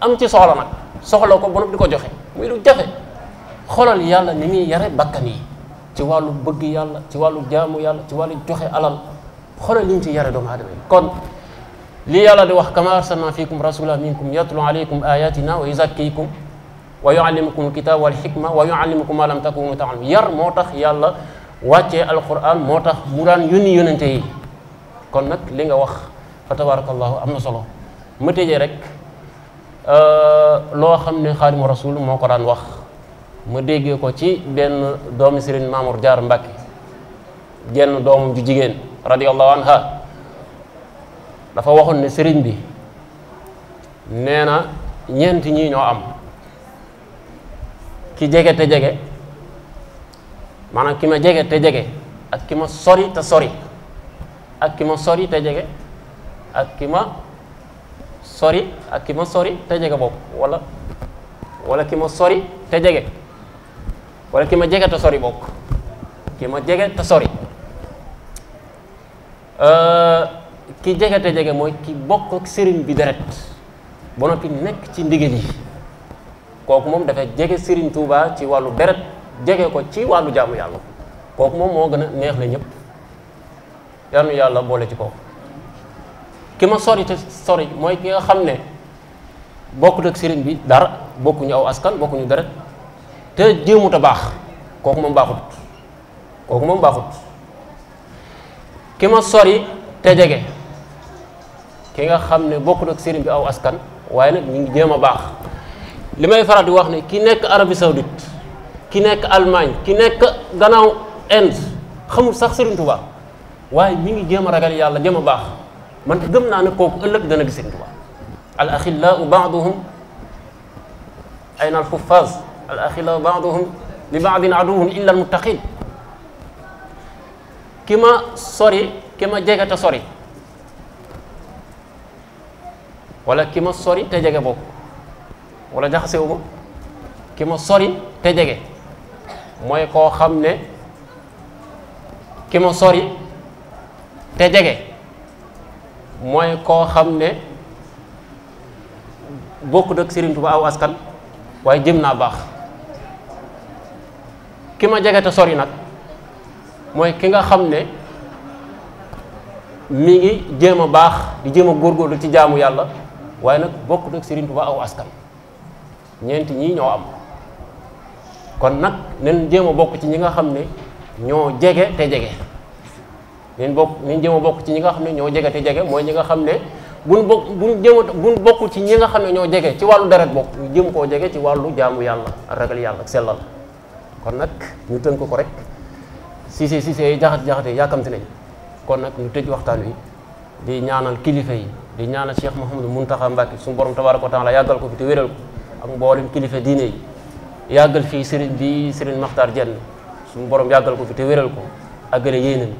S3: ام تي سوخلا نا سوخلا كو بون ديكو جوخي موي لو جافي خولال يالا ني مي ياري بكاني تي والو بوغ يالا تي والو جامو يالا تي والو جوخي علال خولال ني تي ياري دوم ادمي كون لي يالا دي واخ كما ارسلنا فيكم رسولا منكم يتلو عليكم اياتنا ويزكيكم ويعلمكم الكتاب والحكمه ويعلمكم ما لم تكونوا تعلمون يار يالا wacce alquran motax mu dan yuni yonente yi kon nak li nga wax fa amna solo mu teje rek euh lo xamne xaadimu rasul moo ko daan wax mu dege ko ci ben domi serigne mamour Jaar Mbàkke genn doomam ju jigen radiyallahu anha dafa waxon ne serigne bi neena ñent ñi am ki jege maanaam ki ma jege te jege ak ki ma sori te sori ak ki ma sori te jege ak ki ma sori ak ki ma sori te jege boobu wala wala ki ma sori te jege wala ki ma jege te sori bokk ki ma jege te sori euh, ki jege te jege mooy ki bokk ak sëriñ bi deret ba noppi nekk ci ndigal yi kooku moom dafay jege sëriñ Tuubaa ci wàllu deret jege ko ci wàllu jàmm yàlla kooku moom moo gën a neex na ñëpp yal yàlla boole ci kooku ki ma sori te sori mooy ki nga xam ne bokkul ak sëriñ bi dara bokkuñu aw askan bokkuñu deret te jéemut a baax kooku moom moom baaxut ki ma sori te jege ki nga xam ne bokkul ak sëriñ bi aw askan waaye nag ñu ngi jéem a baax li may faral di wax ne ki nekk Arabie Saoudite ki nekk Allemagne ki nekk gannaaw Inde xamul sax Serigne Touba waaye mi ngi jéem ragal yàlla jéem a man gëm naa ne kooku ëllëg dana gis Serigne Touba al axillaau baaduhum ayna al xuffaz al axillaau baaduhum li baadin aduwun illa al muttaqin kima ma sori ki ma jege te sori wala ki ma sori te jege bokk wala jaxasewu ma sori te jege mooy koo xam ne ki ma sori te jege mooy koo xam ne bokkut ak Sëriñ Tuubaa aw askan waaye jëm naa baax ki ma jege te sori nag mooy ki nga xam ne mi ngi jéem a baax di jëm a góorgóorlu ci jaamu yàlla waaye nag bokkut ak Sëriñ Tuubaa aw askan ñeenti ñii ñoo am kon nag nañ jéem a bokk ci ñi nga xam ne ñoo jege te jege nañ bokk nañ jéem a bokk ci ñi nga xam ne ñoo jege te jege mooy ñi nga xam ne buñ bokk buñ jéem bokk ci ñi nga xam ne ñoo jege ci wàllu deret bokk ñu jëm koo jege ci wàllu jaamu yàlla ragal yàlla ak sellal kon nag ñu tënk ko rek Cissé Cissé yi jaxat jaxate yàkkamti kon nag ñu tëj waxtaan wi di ñaanal kilifa yi di ñaanal Cheikh Mouhamadou Mountakha Mbacké suñu borom tabaaraka wa taala yàggal ko fi te wéral ko ak mboolem kilifa diine yi yàggal fii sëriñ bi sëriñ Maxtaar Jenn suñu borom yàggal ko fi te wéral ko àggale yéenam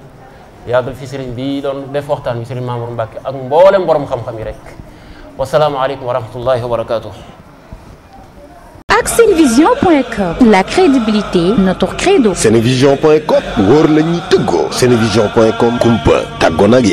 S3: yàggal fii sëriñ bi doon def waxtaan bi sëriñ Mamour Mbacke ak mboolem borom xam-xam yi rek wasalaamualeykum wa rahmatullahi wa barakatuh. ak
S1: senevision.com la crédibilité notre credo.
S3: senevision.com wóor la ñuy tëggoo. senevision.com kumpa tàggoo nag yi.